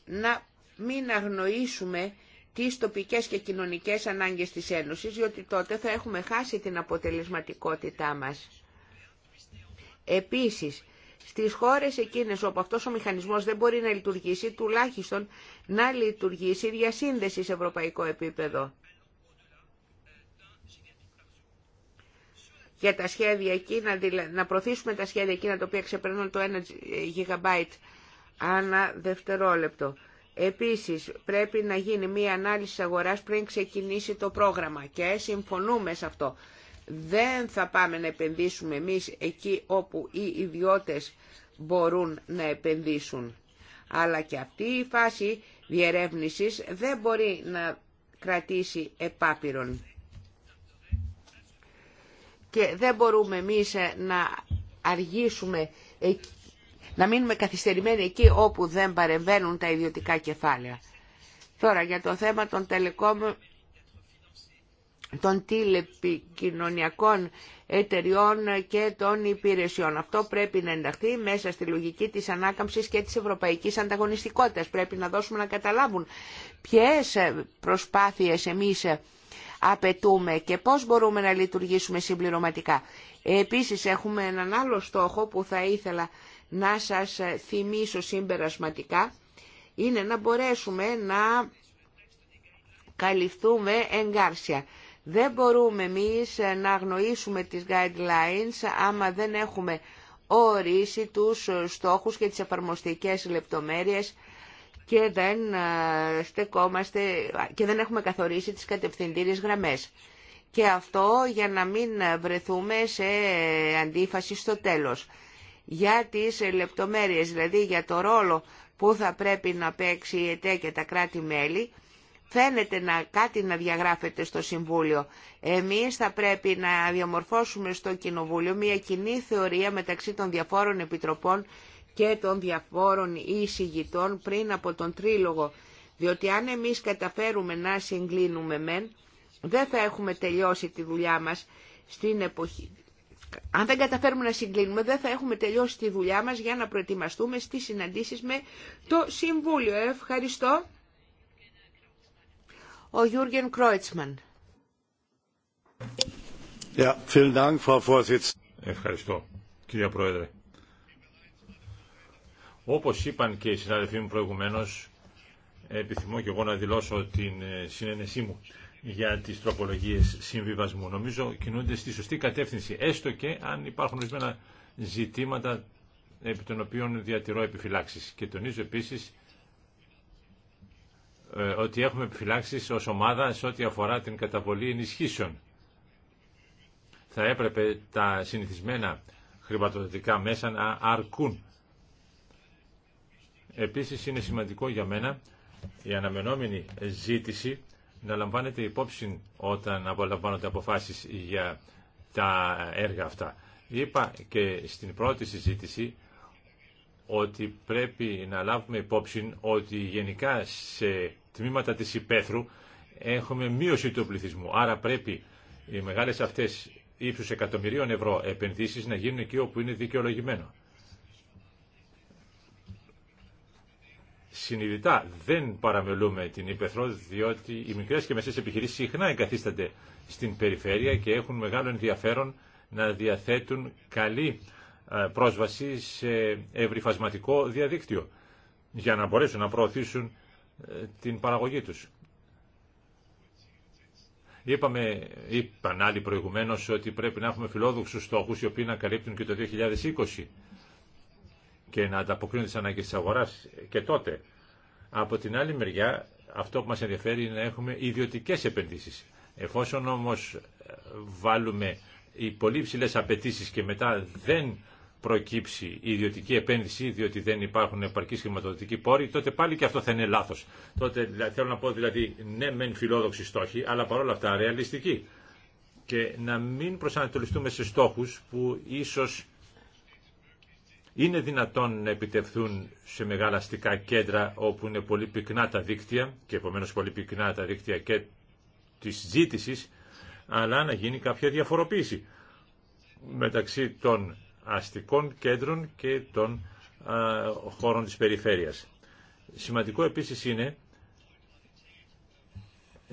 να μην αγνοήσουμε τις τοπικές και κοινωνικές ανάγκες της Ένωσης, διότι τότε θα έχουμε χάσει την αποτελεσματικότητά μας. Επίσης, στις χώρες εκείνες όπου αυτός ο μηχανισμός δεν μπορεί να λειτουργήσει, τουλάχιστον να λειτουργήσει διασύνδεση σε ευρωπαϊκό επίπεδο. Για τα σχέδια εκείνα, να προθίσουμε τα σχέδια εκείνα τα οποία ξεπερνούν το 1 GB ε, ανά δευτερόλεπτο. Επίσης, πρέπει να γίνει μία ανάλυση αγοράς πριν ξεκινήσει το πρόγραμμα και συμφωνούμε σε αυτό. Δεν θα πάμε να επενδύσουμε εμείς εκεί όπου οι ιδιώτες μπορούν να επενδύσουν. Αλλά και αυτή η φάση διερεύνησης δεν μπορεί να κρατήσει επάπειρον. Και δεν μπορούμε εμείς ε, να αργήσουμε να μείνουμε καθυστερημένοι εκεί όπου δεν παρεμβαίνουν τα ιδιωτικά κεφάλαια. Τώρα για το θέμα των τελεκόμ των τηλεπικοινωνιακών εταιριών και των υπηρεσιών. Αυτό πρέπει να ενταχθεί μέσα στη λογική της ανάκαμψης και της ευρωπαϊκής ανταγωνιστικότητας. Πρέπει να δώσουμε να καταλάβουν ποιες προσπάθειες εμείς απαιτούμε και πώς μπορούμε να λειτουργήσουμε συμπληρωματικά. Επίσης έχουμε έναν άλλο στόχο που θα ήθελα να σας ε, θυμίσω συμπερασματικά είναι να μπορέσουμε να καλυφθούμε εγκάρσια. Δεν μπορούμε εμείς ε, να αγνοήσουμε τις guidelines άμα δεν έχουμε ορίσει τους ε, στόχους και τις εφαρμοστικές λεπτομέρειες και δεν, στεκόμαστε, και δεν έχουμε καθορίσει τις κατευθυντήριες γραμμές. Και αυτό για να μην βρεθούμε σε αντίφαση στο τέλος για τις λεπτομέρειες, δηλαδή για το ρόλο που θα πρέπει να παίξει η ΕΤΕ και τα κράτη-μέλη, φαίνεται να, κάτι να διαγράφεται στο Συμβούλιο. Εμείς θα πρέπει να διαμορφώσουμε στο Κοινοβούλιο μια κοινή θεωρία μεταξύ των διαφόρων επιτροπών και των διαφόρων εισηγητών πριν από τον Τρίλογο, διότι αν εμείς καταφέρουμε να συγκλίνουμε μεν, δεν θα έχουμε τελειώσει τη δουλειά μας στην εποχή αν δεν καταφέρουμε να συγκλίνουμε δεν θα έχουμε τελειώσει τη δουλειά μας για να προετοιμαστούμε στις συναντήσεις με το Συμβούλιο. Ευχαριστώ. Ο Γιούργεν Κρόιτσμαν. Ευχαριστώ, κύριε Πρόεδρε. Όπως είπαν και οι συνάδελφοί μου προηγουμένως, επιθυμώ και εγώ να δηλώσω την ε, συνένεσή μου για τις τροπολογίες συμβιβασμού. Νομίζω κινούνται στη σωστή κατεύθυνση, έστω και αν υπάρχουν ορισμένα ζητήματα επί των οποίων διατηρώ επιφυλάξεις. Και τονίζω επίσης ε, ότι έχουμε επιφυλάξεις ως ομάδα σε ό,τι αφορά την καταβολή ενισχύσεων. Θα έπρεπε τα συνηθισμένα χρηματοδοτικά μέσα να αρκούν. Επίσης είναι σημαντικό για μένα η αναμενόμενη ζήτηση να λαμβάνεται υπόψη όταν απολαμβάνονται αποφάσεις για τα έργα αυτά. Είπα και στην πρώτη συζήτηση ότι πρέπει να λάβουμε υπόψη ότι γενικά σε τμήματα της υπαίθρου έχουμε μείωση του πληθυσμού. Άρα πρέπει οι μεγάλες αυτές ύψους εκατομμυρίων ευρώ επενδύσεις να γίνουν εκεί όπου είναι δικαιολογημένο. συνειδητά δεν παραμελούμε την Ήπεθρο, διότι οι μικρές και μεσές επιχειρήσεις συχνά εγκαθίστανται στην περιφέρεια και έχουν μεγάλο ενδιαφέρον να διαθέτουν καλή ε, πρόσβαση σε ευρυφασματικό διαδίκτυο για να μπορέσουν να προωθήσουν ε, την παραγωγή τους. Είπαμε, είπαν άλλοι προηγουμένως ότι πρέπει να έχουμε φιλόδοξους στόχους οι οποίοι να καλύπτουν και το 2020 και να ανταποκρίνονται στις ανάγκες της αγοράς και τότε. Από την άλλη μεριά, αυτό που μας ενδιαφέρει είναι να έχουμε ιδιωτικές επενδύσεις. Εφόσον όμως ε, βάλουμε οι πολύ ψηλές απαιτήσει και μετά δεν προκύψει η ιδιωτική επένδυση, διότι δεν υπάρχουν επαρκείς χρηματοδοτικοί πόροι, τότε πάλι και αυτό θα είναι λάθος. Τότε δηλαδή, θέλω να πω δηλαδή ναι μεν φιλόδοξη στόχη, αλλά παρόλα αυτά ρεαλιστική. Και να μην προσανατολιστούμε σε στόχους που ίσως είναι δυνατόν να επιτευθούν σε μεγάλα αστικά κέντρα όπου είναι πολύ πυκνά τα δίκτυα και επομένως πολύ πυκνά τα δίκτυα και της ζήτηση, αλλά να γίνει κάποια διαφοροποίηση μεταξύ των αστικών κέντρων και των χώρων της περιφέρειας. Σημαντικό επίσης είναι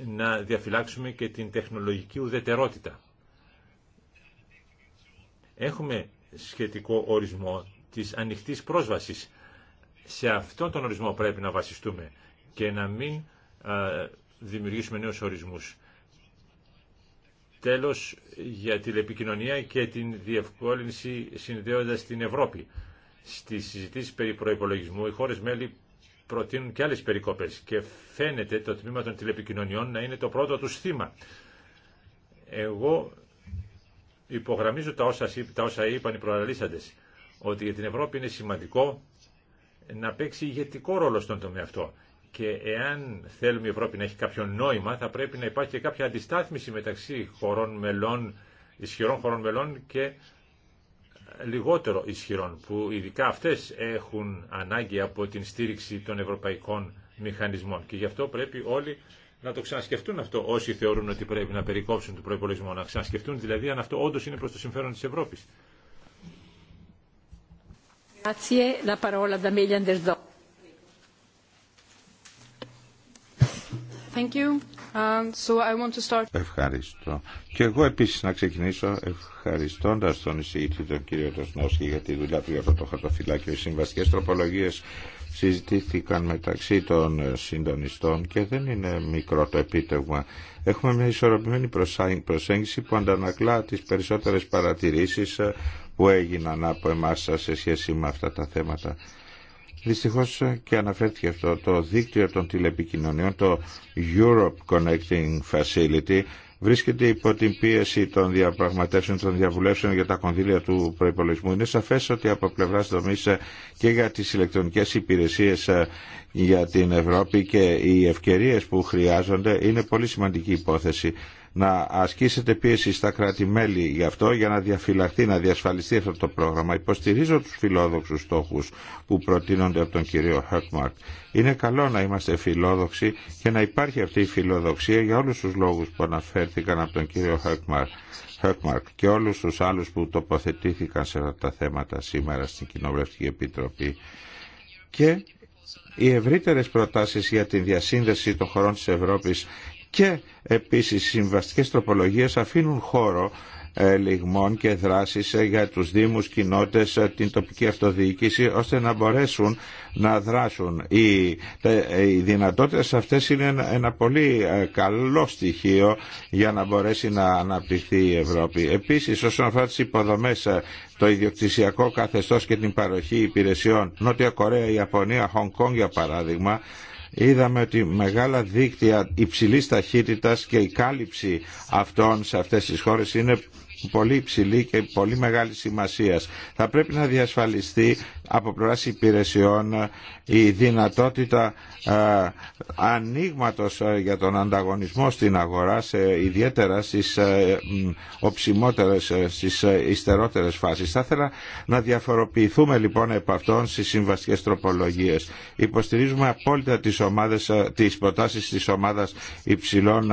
να διαφυλάξουμε και την τεχνολογική ουδετερότητα. Έχουμε σχετικό ορισμό της ανοιχτής πρόσβασης. Σε αυτόν τον ορισμό πρέπει να βασιστούμε και να μην δημιουργήσουμε νέους ορισμούς. Τέλος, για τηλεπικοινωνία και την διευκόλυνση συνδέοντας την Ευρώπη. Στις συζητήσεις περί προϋπολογισμού, οι χώρες μέλη προτείνουν και άλλες περικόπες και φαίνεται το τμήμα των τηλεπικοινωνιών να είναι το πρώτο του θύμα. Εγώ υπογραμμίζω τα όσα, όσα είπαν οι προαναλύσαντες ότι για την Ευρώπη είναι σημαντικό να παίξει ηγετικό ρόλο στον τομέα αυτό. Και εάν θέλουμε η Ευρώπη να έχει κάποιο νόημα, θα πρέπει να υπάρχει και κάποια αντιστάθμιση μεταξύ χωρών μελών, ισχυρών χωρών μελών και λιγότερο ισχυρών, που ειδικά αυτές έχουν ανάγκη από την στήριξη των ευρωπαϊκών μηχανισμών. Και γι' αυτό πρέπει όλοι να το ξανασκεφτούν αυτό όσοι θεωρούν ότι πρέπει να περικόψουν τον προπολογισμό, να ξανασκεφτούν δηλαδή αν αυτό όντω είναι προ το συμφέρον τη Ευρώπη. Ευχαριστώ. Και εγώ επίσης να ξεκινήσω ευχαριστώντας τον εισηγητή τον κύριο Τοσνόσκη για τη δουλειά του για αυτό το χαρτοφυλάκιο. Οι συμβαστικές τροπολογίες συζητήθηκαν μεταξύ των συντονιστών και δεν είναι μικρό το επίτευγμα. Έχουμε μια ισορροπημένη προσέγγιση που αντανακλά τις περισσότερες παρατηρήσεις που έγιναν από εμάς σε σχέση με αυτά τα θέματα. Δυστυχώς και αναφέρθηκε αυτό το δίκτυο των τηλεπικοινωνιών, το Europe Connecting Facility, βρίσκεται υπό την πίεση των διαπραγματεύσεων, των διαβουλεύσεων για τα κονδύλια του προπολογισμού. Είναι σαφέ ότι από πλευρά δομή και για τι ηλεκτρονικέ υπηρεσίε ε, για την Ευρώπη και οι ευκαιρίε που χρειάζονται είναι πολύ σημαντική υπόθεση να ασκήσετε πίεση στα κράτη-μέλη γι' αυτό για να διαφυλαχθεί, να διασφαλιστεί αυτό το πρόγραμμα. Υποστηρίζω τους φιλόδοξους στόχους που προτείνονται από τον κύριο Χέρτμαρκ. Είναι καλό να είμαστε φιλόδοξοι και να υπάρχει αυτή η φιλοδοξία για όλους τους λόγους που αναφέρθηκαν από τον κύριο Χέρτμαρκ και όλους τους άλλους που τοποθετήθηκαν σε αυτά τα θέματα σήμερα στην Κοινοβουλευτική Επιτροπή και οι ευρύτερε προτάσεις για τη διασύνδεση των χωρών της Ευρώπης και επίσης οι συμβαστικές τροπολογίες αφήνουν χώρο ε, λιγμών και δράσεις ε, για τους Δήμους, κοινότητες, ε, την τοπική αυτοδιοίκηση ώστε να μπορέσουν να δράσουν. Οι, οι δυνατότητες αυτές είναι ένα, πολύ καλό στοιχείο για να μπορέσει να αναπτυχθεί η Ευρώπη. Επίσης όσον αφορά τις υποδομές το ιδιοκτησιακό καθεστώς και την παροχή υπηρεσιών Νότια Κορέα, Ιαπωνία, Χονγκ για παράδειγμα είδαμε ότι μεγάλα δίκτυα υψηλής ταχύτητας και η κάλυψη αυτών σε αυτές τις χώρες είναι πολύ υψηλή και πολύ μεγάλη σημασία. Θα πρέπει να διασφαλιστεί από πλευρά υπηρεσιών η δυνατότητα ε, ανοίγματο ε, για τον ανταγωνισμό στην αγορά, σε, ιδιαίτερα στις ε, οψιμότερες, στις ιστερότερες φάσεις. Θα ήθελα να διαφοροποιηθούμε λοιπόν επ' αυτών στις συμβαστικές τροπολογίες. Υποστηρίζουμε απόλυτα τις, ομάδες, τις προτάσεις της ομάδας υψηλών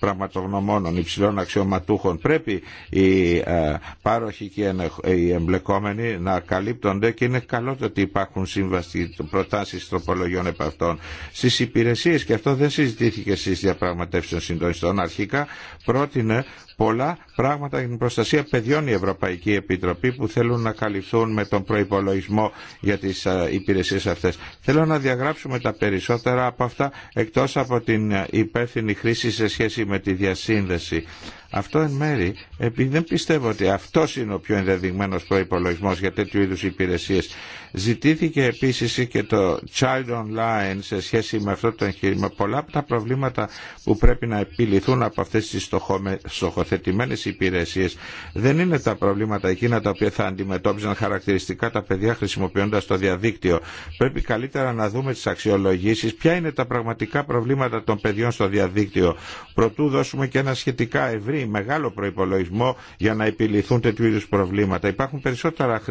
πραγματογνωμόνων, υψηλών αξιωματούχων. Πρέπει οι ε, πάροχοι και οι εμπλεκόμενοι να καλύπτονται και είναι καλό το ότι υπάρχουν σύμβαση προτάσεις τροπολογιών επ' αυτών. Στις υπηρεσίες και αυτό δεν συζητήθηκε στις διαπραγματεύσεις των συντονιστών αρχικά πρότεινε Πολλά πράγματα για την προστασία παιδιών η Ευρωπαϊκή Επιτροπή που θέλουν να καλυφθούν με τον προϋπολογισμό για τις υπηρεσίες αυτές. Θέλω να διαγράψουμε τα περισσότερα από αυτά εκτός από την υπεύθυνη χρήση σε σχέση με τη διασύνδεση. Αυτό εν μέρη, επειδή δεν πιστεύω ότι αυτό είναι ο πιο ενδεδειγμένο προπολογισμό για τέτοιου είδου υπηρεσίε. Ζητήθηκε επίση και το Child Online σε σχέση με αυτό το εγχείρημα. Πολλά από τα προβλήματα που πρέπει να επιληθούν από αυτέ τι προποθετημένες υπηρεσίε, Δεν είναι τα προβλήματα εκείνα τα οποία θα αντιμετώπιζαν χαρακτηριστικά τα παιδιά χρησιμοποιώντας το διαδίκτυο. Πρέπει καλύτερα να δούμε τις αξιολογήσεις, ποια είναι τα πραγματικά προβλήματα των παιδιών στο διαδίκτυο. Προτού δώσουμε και ένα σχετικά ευρύ μεγάλο προϋπολογισμό για να επιληθούν τέτοιου είδους προβλήματα. Υπάρχουν περισσότερα,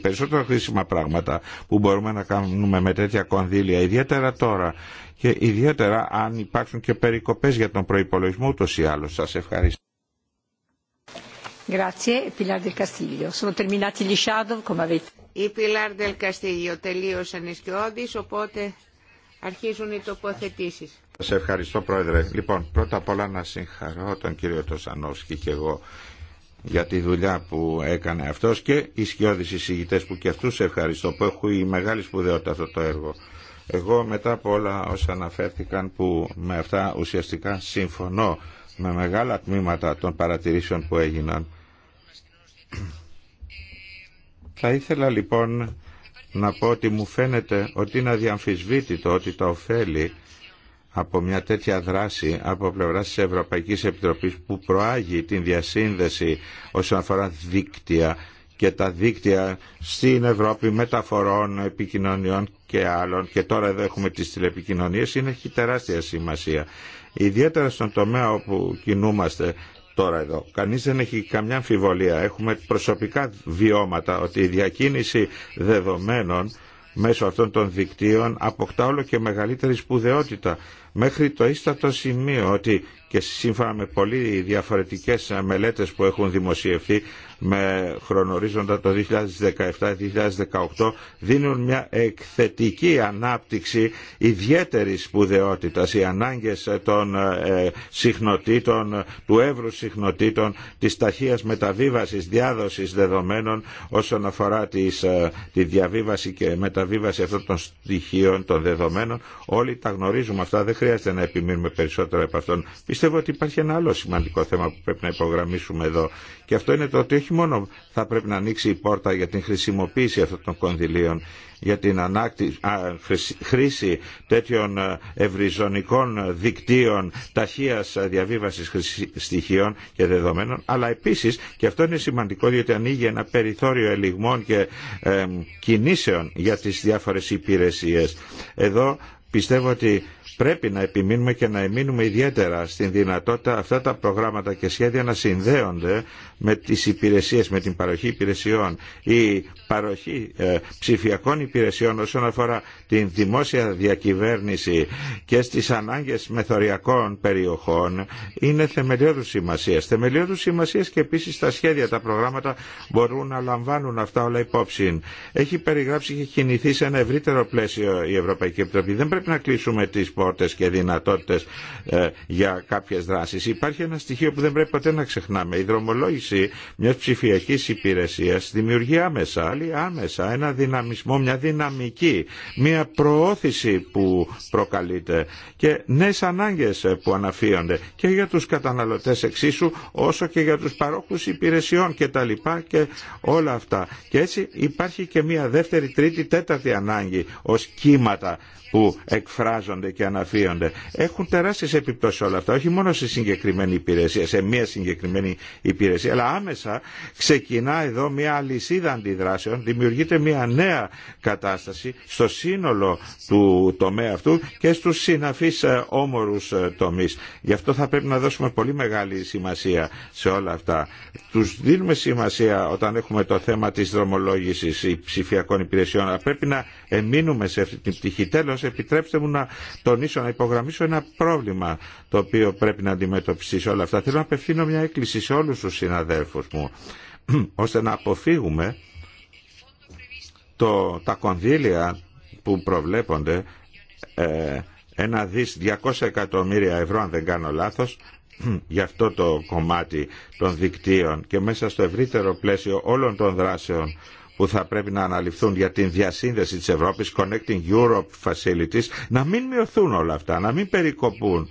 περισσότερα χρήσιμα πράγματα που μπορούμε να κάνουμε με τέτοια κονδύλια, ιδιαίτερα τώρα και ιδιαίτερα αν υπάρξουν και περικοπές για τον προϋπολογισμό ούτως ή άλλως. Σας ευχαριστώ. Grazie, Η e Pilar del οπότε αρχίζουν οι τοποθετήσει. Σα ευχαριστώ Πρόεδρε. Λοιπόν, πρώτα απ' όλα να συγχαρώ τον κύριο Τωσανόφσκι και εγώ για τη δουλειά που έκανε αυτός και οι σκιώδεις εισηγητές που και αυτούς ευχαριστώ που έχουν η μεγάλη σπουδαιότητα αυτό το έργο. Εγώ μετά από όλα όσα αναφέρθηκαν που με αυτά ουσιαστικά συμφωνώ με μεγάλα τμήματα των παρατηρήσεων που έγιναν θα ήθελα λοιπόν να πω ότι μου φαίνεται ότι είναι αδιαμφισβήτητο ότι τα ωφέλη από μια τέτοια δράση από πλευράς της Ευρωπαϊκής Επιτροπής που προάγει την διασύνδεση όσον αφορά δίκτυα και τα δίκτυα στην Ευρώπη μεταφορών, επικοινωνιών και άλλων και τώρα εδώ έχουμε τις τηλεπικοινωνίες είναι έχει τεράστια σημασία. Ιδιαίτερα στον τομέα όπου κινούμαστε τώρα εδώ. Κανείς δεν έχει καμιά αμφιβολία. Έχουμε προσωπικά βιώματα ότι η διακίνηση δεδομένων μέσω αυτών των δικτύων αποκτά όλο και μεγαλύτερη σπουδαιότητα μέχρι το ίστατο σημείο ότι και σύμφωνα με πολύ διαφορετικές μελέτες που έχουν δημοσιευθεί με χρονορίζοντα το 2017-2018 δίνουν μια εκθετική ανάπτυξη ιδιαίτερη σπουδαιότητα, Οι ανάγκες των ε, συχνοτήτων, του εύρου συχνοτήτων, της ταχείας μεταβίβασης, διάδοσης δεδομένων όσον αφορά ε, τη διαβίβαση και μεταβίβαση αυτών των στοιχείων, των δεδομένων. Όλοι τα γνωρίζουμε αυτά, δεν χρειάζεται να επιμείνουμε περισσότερο από αυτόν. Πιστεύω ότι υπάρχει ένα άλλο σημαντικό θέμα που πρέπει να υπογραμμίσουμε εδώ. Και αυτό είναι το ότι όχι μόνο θα πρέπει να ανοίξει η πόρτα για την χρησιμοποίηση αυτών των κονδυλίων, για την ανάκτη, α, χρήση τέτοιων ε, ευρυζωνικών δικτύων ταχείας διαβίβασης στοιχείων και δεδομένων, αλλά επίσης, και αυτό είναι σημαντικό διότι ανοίγει ένα περιθώριο ελιγμών και ε, κινήσεων για τις διάφορε υπηρεσίε, Εδώ πιστεύω ότι πρέπει να επιμείνουμε και να εμείνουμε ιδιαίτερα στην δυνατότητα αυτά τα προγράμματα και σχέδια να συνδέονται με τις υπηρεσίες, με την παροχή υπηρεσιών. Η παροχή ε, ψηφιακών υπηρεσιών όσον αφορά την δημόσια διακυβέρνηση και στις ανάγκες μεθοριακών περιοχών είναι θεμελιώδους σημασίας. Θεμελιώδους σημασίας και επίσης τα σχέδια, τα προγράμματα μπορούν να λαμβάνουν αυτά όλα υπόψη. Έχει περιγράψει και κινηθεί σε ένα ευρύτερο πλαίσιο η Ευρωπαϊκή Επιτροπή. Δεν πρέπει να κλείσουμε τις πόρτες και δυνατότητες ε, για κάποιες δράσεις. Υπάρχει ένα στοιχείο που δεν πρέπει ποτέ να ξεχνάμε. Η δρομολόγηση μιας ψηφιακής υπηρεσίας δημιουργεί άμεσα, άλλη άμεσα, ένα δυναμισμό, μια δυναμική, μια προώθηση που προκαλείται και νέε ανάγκες που αναφύονται και για τους καταναλωτές εξίσου όσο και για τους παρόχους υπηρεσιών και τα λοιπά και όλα αυτά. Και έτσι υπάρχει και μια δεύτερη, τρίτη, τέταρτη ανάγκη ως κύματα που εκφράζονται και αναφύονται. Έχουν τεράστιες επιπτώσεις όλα αυτά, όχι μόνο σε συγκεκριμένη υπηρεσία, σε μια συγκεκριμένη υπηρεσία, αλλά άμεσα ξεκινά εδώ μια αλυσίδα αντιδράσεων, δημιουργείται μια νέα κατάσταση στο σύνολο του τομέα αυτού και στους συναφείς ε, όμορους ε, τομείς. Γι' αυτό θα πρέπει να δώσουμε πολύ μεγάλη σημασία σε όλα αυτά. Τους δίνουμε σημασία όταν έχουμε το θέμα της δρομολόγησης ψηφιακών υπηρεσιών, αλλά πρέπει να εμείνουμε σε αυτή την πτυχή. Τέλος, επιτρέψτε μου να τονίσω, να υπογραμμίσω ένα πρόβλημα το οποίο πρέπει να αντιμετωπιστεί σε όλα αυτά. Θέλω να απευθύνω μια έκκληση σε όλους τους συναδέλφους μου [clears throat] ώστε να αποφύγουμε το, τα κονδύλια που προβλέπονται ε, ένα δις 200 εκατομμύρια ευρώ αν δεν κάνω λάθος [clears throat] για αυτό το κομμάτι των δικτύων και μέσα στο ευρύτερο πλαίσιο όλων των δράσεων που θα πρέπει να αναλυφθούν για την διασύνδεση της Ευρώπης, Connecting Europe Facilities, να μην μειωθούν όλα αυτά, να μην περικοπούν.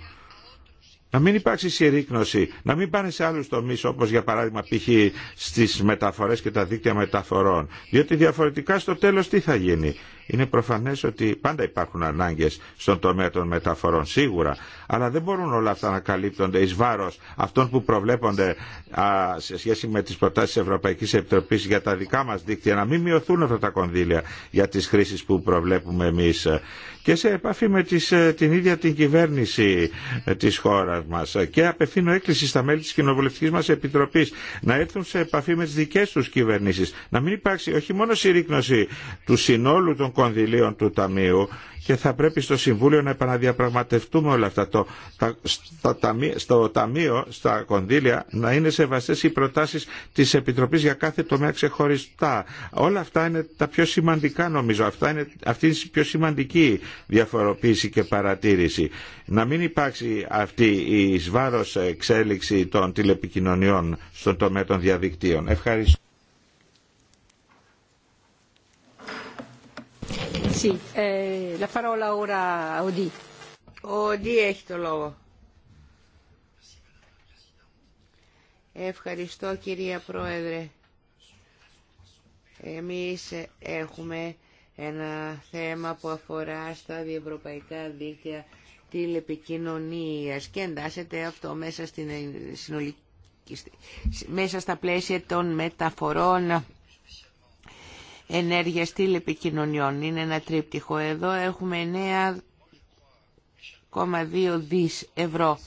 Να μην υπάρξει συρρήκνωση, να μην πάνε σε άλλους τομείς όπως για παράδειγμα π.χ. στις μεταφορές και τα δίκτυα μεταφορών. Διότι διαφορετικά στο τέλος τι θα γίνει. Είναι προφανέ ότι πάντα υπάρχουν ανάγκε στον τομέα των μεταφορών, σίγουρα, αλλά δεν μπορούν όλα αυτά να καλύπτονται ει βάρο αυτών που προβλέπονται σε σχέση με τι προτάσει τη Ευρωπαϊκής Επιτροπής για τα δικά μα δίκτυα, να μην μειωθούν αυτά τα κονδύλια για τι χρήσει που προβλέπουμε εμεί. και σε επαφή με τις, ε, την ίδια την κυβέρνηση ε, τη χώρα μα και απευθύνω έκκληση στα μέλη τη κοινοβουλευτική μα επιτροπή, να έρθουν σε επαφή με τι δικέ του κυβερνήσει, να μην υπάρξει όχι μόνο συρρήκνωση του συνόλου των κονδυλίων του Ταμείου και θα πρέπει στο Συμβούλιο να επαναδιαπραγματευτούμε όλα αυτά. Το, στο Ταμείο, στα κονδύλια, να είναι σεβαστές οι προτάσεις τη Επιτροπής για κάθε τομέα ξεχωριστά. Όλα αυτά είναι τα πιο σημαντικά νομίζω. Αυτά είναι, αυτή είναι η πιο σημαντική διαφοροποίηση και παρατήρηση. Να μην υπάρξει αυτή η σβάρος εξέλιξη των τηλεπικοινωνιών στον τομέα των διαδικτύων. Ευχαριστώ. Sì, eh, έχει το λόγο. Ευχαριστώ κυρία Πρόεδρε. Εμείς έχουμε ένα θέμα που αφορά στα διευρωπαϊκά δίκτυα τηλεπικοινωνίας και εντάσσεται αυτό μέσα, στην ε, συνολική, μέσα στα πλαίσια των μεταφορών Ενέργεια στήλη επικοινωνιών. Είναι ένα τρίπτυχο. Εδώ έχουμε 9,2 δις ευρώ.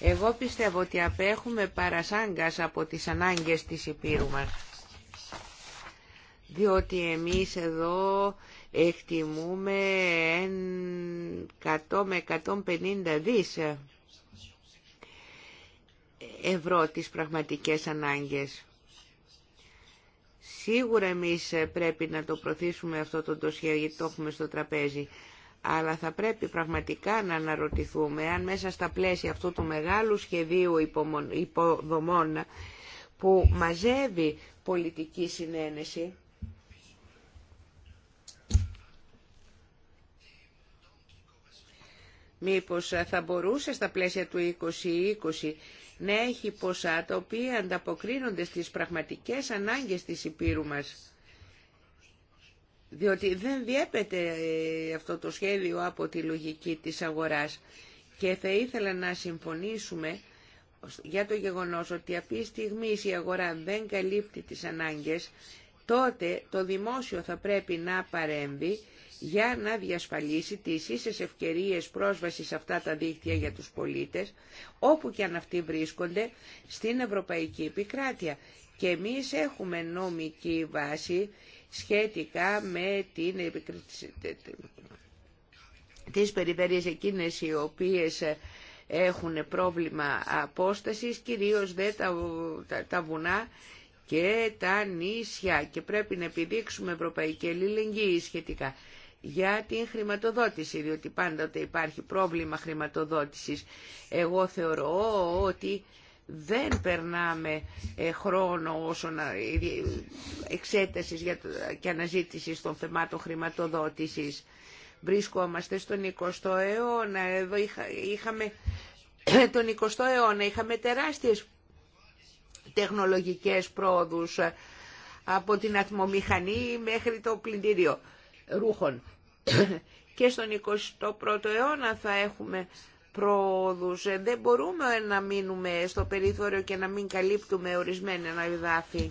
Εγώ πιστεύω ότι απέχουμε παρασάγκας από τις ανάγκες της Υπήρου μας. Διότι εμείς εδώ εκτιμούμε 100 με 150 δις ευρώ τις πραγματικές ανάγκες. Σίγουρα εμείς ε, πρέπει να το προωθήσουμε αυτό το ντοσιέ γιατί το έχουμε στο τραπέζι. Αλλά θα πρέπει πραγματικά να αναρωτηθούμε αν μέσα στα πλαίσια αυτού του μεγάλου σχεδίου υποδομών που μαζεύει πολιτική συνένεση Μήπως ε, θα μπορούσε στα πλαίσια του 2020 να έχει ποσά τα οποία ανταποκρίνονται στις πραγματικές ανάγκες της Υπήρου μας. Διότι δεν διέπεται ε, αυτό το σχέδιο από τη λογική της αγοράς και θα ήθελα να συμφωνήσουμε για το γεγονός ότι αυτή τη στιγμή η αγορά δεν καλύπτει τις ανάγκες, τότε το δημόσιο θα πρέπει να παρέμβει για να διασφαλίσει τις ίσες ευκαιρίες πρόσβασης σε αυτά τα δίκτυα για τους πολίτες, όπου και αν αυτοί βρίσκονται, στην Ευρωπαϊκή Επικράτεια. Και εμείς έχουμε νομική βάση σχετικά με την επικρίτηση τις περιφέρειες εκείνες οι οποίες ε, έχουν πρόβλημα απόστασης, κυρίως δε τα, τα βουνά και τα νησιά και πρέπει να επιδείξουμε ευρωπαϊκή ελληνική σχετικά για την χρηματοδότηση, διότι πάντοτε υπάρχει πρόβλημα χρηματοδότησης. Εγώ θεωρώ ότι δεν περνάμε ε, χρόνο όσον ε, ε, εξέτασης και αναζήτησης των θεμάτων χρηματοδότησης. Βρισκόμαστε στον 20ο αιώνα, εδώ είχαμε [clears throat] τον 20ο αιώνα, είχαμε τεράστιες τεχνολογικές πρόοδους από την ατμομηχανή μέχρι το πλυντήριο ρούχων. [coughs] Και στον 21ο αιώνα θα έχουμε πρόοδους. Ε, δεν μπορούμε να μείνουμε στο περιθώριο και να μην καλύπτουμε ορισμένα εδάφη.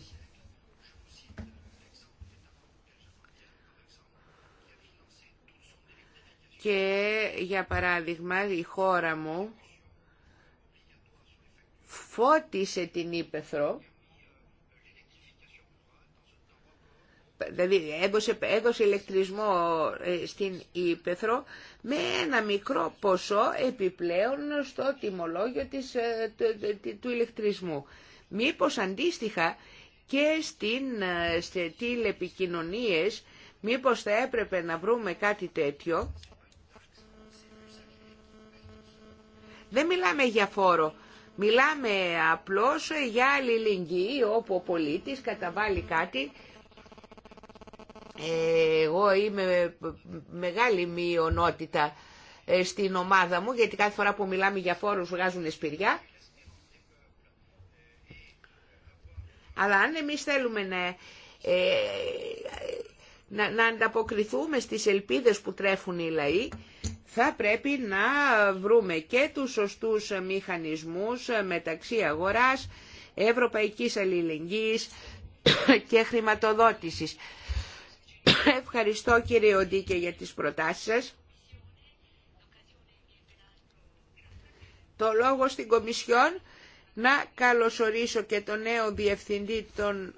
Και για παράδειγμα η χώρα μου φώτισε την Ήπεθρο δηλαδή έδωσε, έδωσε ηλεκτρισμό ε, στην Ήπεθρο με ένα μικρό ποσό επιπλέον στο τιμολόγιο της, ε, ε, του, ηλεκτρισμού. Μήπως αντίστοιχα και στην, σε τηλεπικοινωνίες, μήπως θα έπρεπε να βρούμε κάτι τέτοιο. Δεν μιλάμε για φόρο. Μιλάμε απλώς για αλληλεγγύη όπου ο πολίτης καταβάλει κάτι εγώ είμαι μεγάλη μειονότητα ε, στην ομάδα μου, γιατί κάθε φορά που μιλάμε για φόρους βγάζουν σπηριά. Αλλά αν εμείς θέλουμε να, ε, να, να ανταποκριθούμε στις ελπίδες που τρέφουν οι λαοί, θα πρέπει να βρούμε και τους σωστούς μηχανισμούς μεταξύ αγοράς, ευρωπαϊκής αλληλεγγύης και χρηματοδότησης. Ευχαριστώ κύριε Οντίκε για τις προτάσεις σας. Το λόγο στην Κομισιόν να καλωσορίσω και τον νέο Διευθυντή των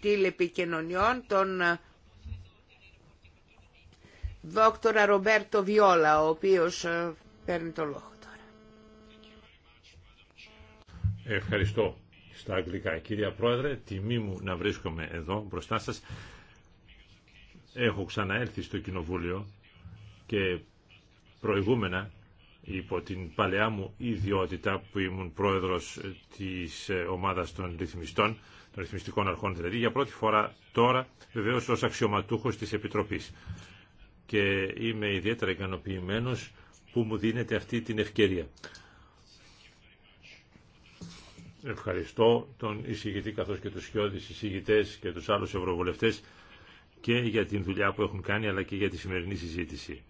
Τηλεπικοινωνιών, τον ε, δόκτορα Ρομπέρτο Βιόλα, ο οποίος ε, παίρνει το λόγο τώρα. Ευχαριστώ στα αγγλικά. Κυρία Πρόεδρε, τιμή μου να βρίσκομαι εδώ μπροστά σας έχω ξαναέλθει στο Κοινοβούλιο και προηγούμενα υπό την παλαιά μου ιδιότητα που ήμουν πρόεδρος της ομάδας των ρυθμιστών, των ρυθμιστικών αρχών δηλαδή, για πρώτη φορά τώρα βεβαίως ως αξιωματούχος της Επιτροπής. Και είμαι ιδιαίτερα ικανοποιημένο που μου δίνεται αυτή την ευκαιρία. Ευχαριστώ τον εισηγητή καθώς και τους σιώδης εισηγητές και τους άλλους ευρωβουλευτές και για την δουλειά που έχουν κάνει αλλά και για τη σημερινή συζήτηση.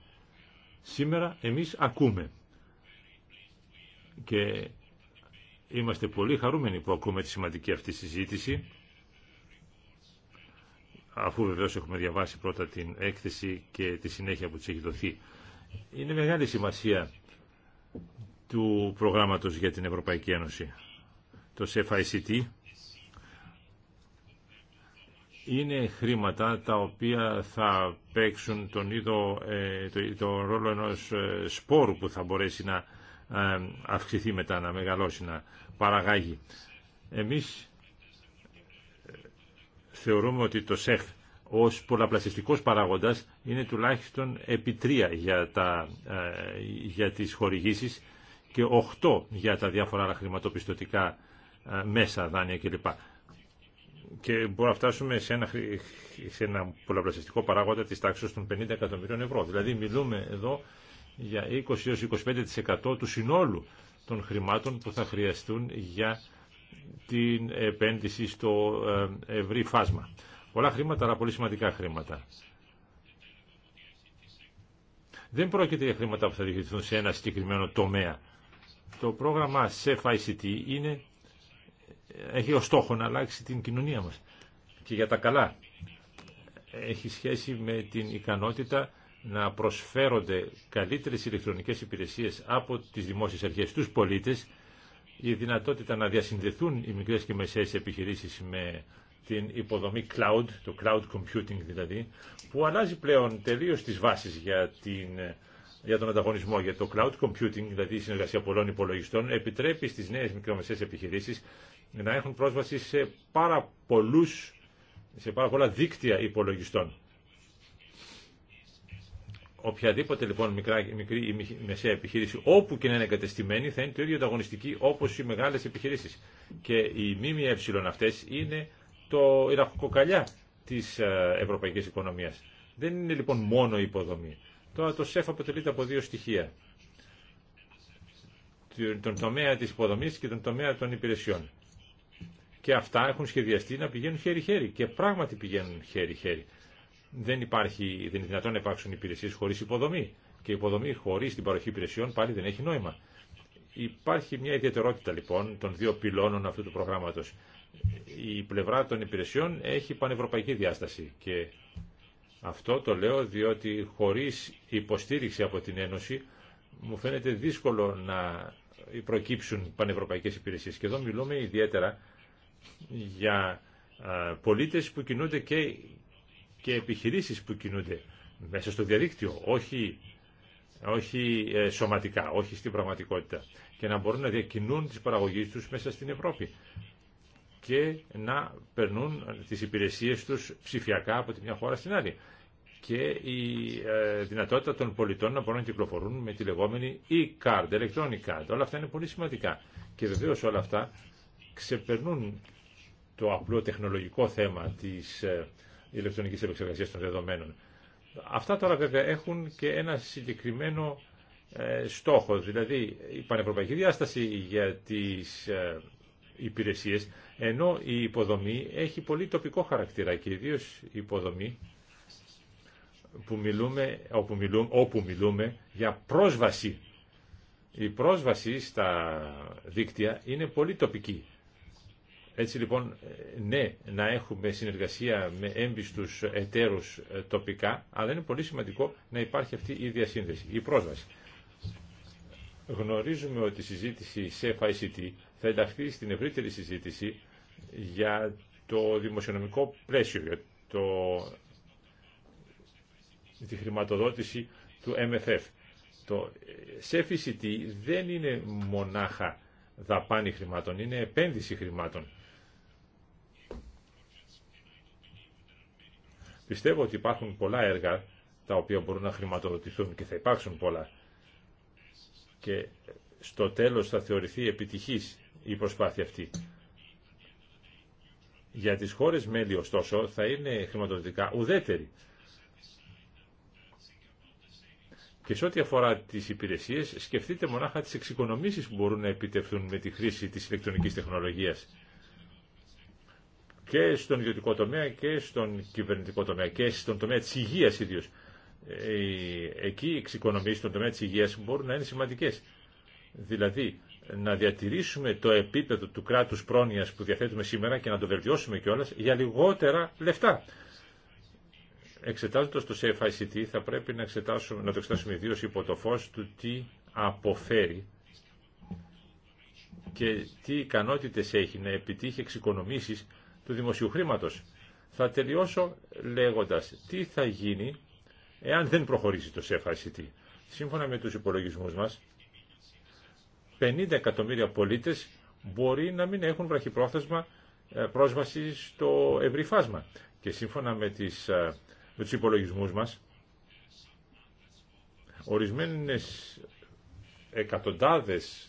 Σήμερα εμείς ακούμε και είμαστε πολύ χαρούμενοι που ακούμε τη σημαντική αυτή συζήτηση αφού βεβαίως έχουμε διαβάσει πρώτα την έκθεση και τη συνέχεια που της έχει δοθεί. Είναι μεγάλη σημασία του προγράμματος για την Ευρωπαϊκή Ένωση. Το CFICT είναι χρήματα τα οποία θα παίξουν τον ίδιο ε, το, ρόλο ενός ε, σπόρου που θα μπορέσει να ε, αυξηθεί μετά, να μεγαλώσει, να παραγάγει. Εμείς θεωρούμε ότι το ΣΕΦ ως πολλαπλασιαστικός παράγοντας είναι τουλάχιστον επί τρία για, τα, για τις χορηγήσεις και οχτώ για τα διάφορα χρηματοπιστωτικά μέσα, δάνεια κλπ και μπορούμε να φτάσουμε σε ένα, σε πολλαπλασιαστικό παράγοντα της τάξης των 50 εκατομμυρίων ευρώ. Δηλαδή μιλούμε εδώ για 20-25% του συνόλου των χρημάτων που θα χρειαστούν για την επένδυση στο ε, ευρύ φάσμα. Πολλά χρήματα, αλλά πολύ σημαντικά χρήματα. Δεν πρόκειται για χρήματα που θα διοικηθούν σε ένα συγκεκριμένο τομέα. Το πρόγραμμα SEF ICT είναι έχει ως στόχο να αλλάξει την κοινωνία μας και για τα καλά. Έχει σχέση με την ικανότητα να προσφέρονται καλύτερες ηλεκτρονικές υπηρεσίες από τις δημόσιες αρχές στους πολίτες, η δυνατότητα να διασυνδεθούν οι μικρές και μεσαίες επιχειρήσεις με την υποδομή cloud, το cloud computing δηλαδή, που αλλάζει πλέον τελείως τις βάσεις για, την, για τον ανταγωνισμό, για το cloud computing, δηλαδή η συνεργασία πολλών υπολογιστών, επιτρέπει στις νέες μικρομεσαίες επιχειρήσεις να έχουν πρόσβαση σε πάρα, σε πάρα πολλά δίκτυα υπολογιστών. Οποιαδήποτε λοιπόν μικρά, μικρή ή μεσαία επιχείρηση, όπου και να είναι εγκατεστημένη, θα είναι το ίδιο ανταγωνιστική όπω οι μεγάλε επιχειρήσει. Και οι ΜΜΕ αυτέ είναι το ραχοκοκαλιά τη ε, ευρωπαϊκή οικονομία. Δεν είναι λοιπόν μόνο η υποδομή. Τώρα το ΣΕΦ αποτελείται από δύο στοιχεία. Τον τομέα τη υποδομή και τον τομέα των υπηρεσιών και αυτά έχουν σχεδιαστεί να πηγαίνουν χέρι-χέρι και πράγματι πηγαίνουν χέρι-χέρι. Δεν, υπάρχει, δεν είναι δυνατόν να υπάρξουν υπηρεσίε χωρί υποδομή και υποδομή χωρί την παροχή υπηρεσιών πάλι δεν έχει νόημα. Υπάρχει μια ιδιαιτερότητα λοιπόν των δύο πυλώνων αυτού του προγράμματο. Η πλευρά των υπηρεσιών έχει πανευρωπαϊκή διάσταση και αυτό το λέω διότι χωρί υποστήριξη από την Ένωση μου φαίνεται δύσκολο να προκύψουν πανευρωπαϊκές υπηρεσίες. Και εδώ μιλούμε ιδιαίτερα για πολίτες που κινούνται και, και επιχειρήσεις που κινούνται μέσα στο διαδίκτυο, όχι, όχι ε, σωματικά, όχι στην πραγματικότητα και να μπορούν να διακινούν τις παραγωγές τους μέσα στην Ευρώπη και να περνούν τις υπηρεσίες τους ψηφιακά από τη μια χώρα στην άλλη και η ε, δυνατότητα των πολιτών να μπορούν να κυκλοφορούν με τη λεγόμενη e-card, electronic card. Όλα αυτά είναι πολύ σημαντικά. Και βεβαίω όλα αυτά ξεπερνούν το απλό τεχνολογικό θέμα της ε, ηλεκτρονικής επεξεργασίας των δεδομένων. Αυτά τώρα βέβαια έχουν και ένα συγκεκριμένο ε, στόχο, δηλαδή η πανευρωπαϊκή διάσταση για τις ε, υπηρεσίες, ενώ η υποδομή έχει πολύ τοπικό χαρακτήρα και ιδίω η υποδομή που μιλούμε, όπου, μιλούμε, όπου μιλούμε για πρόσβαση. Η πρόσβαση στα δίκτυα είναι πολύ τοπική. Έτσι λοιπόν, ε, ναι, να έχουμε συνεργασία με έμπιστους εταίρους ε, τοπικά, αλλά είναι πολύ σημαντικό να υπάρχει αυτή η διασύνδεση, η πρόσβαση. Γνωρίζουμε ότι η συζήτηση σε FICT θα ενταχθεί στην ευρύτερη συζήτηση για το δημοσιονομικό πλαίσιο, για το, τη χρηματοδότηση του MFF. Το FICT δεν είναι μονάχα δαπάνη χρημάτων, είναι επένδυση χρημάτων. Πιστεύω ότι υπάρχουν πολλά έργα τα οποία μπορούν να χρηματοδοτηθούν και θα υπάρξουν πολλά. Και στο τέλος θα θεωρηθεί επιτυχής η προσπάθεια αυτή. Για τις χώρες μέλη, ωστόσο, θα είναι χρηματοδοτικά ουδέτερη. Και σε ό,τι αφορά τις υπηρεσίες, σκεφτείτε μονάχα τις εξοικονομήσεις που μπορούν να επιτευχθούν με τη χρήση της ηλεκτρονικής τεχνολογίας και στον ιδιωτικό τομέα και στον κυβερνητικό τομέα και στον τομέα της υγείας ιδίως. Ε, εκεί οι εξοικονομίες στον τομέα της υγείας μπορούν να είναι σημαντικές. Δηλαδή να διατηρήσουμε το επίπεδο του κράτους πρόνοιας που διαθέτουμε σήμερα και να το βελτιώσουμε κιόλας για λιγότερα λεφτά. Εξετάζοντας το CFICT θα πρέπει να, εξετάσουμε, να το εξετάσουμε ιδίω υπό το φως του τι αποφέρει και τι ικανότητες έχει να επιτύχει εξοικονομήσεις του δημοσίου χρήματος. Θα τελειώσω λέγοντας τι θα γίνει εάν δεν προχωρήσει το CFRCT. Σύμφωνα με τους υπολογισμούς μας, 50 εκατομμύρια πολίτες μπορεί να μην έχουν βραχυπρόθεσμα ε, πρόσβαση στο ευρύ Και σύμφωνα με, τις, ε, με τους υπολογισμούς μας, ορισμένες εκατοντάδες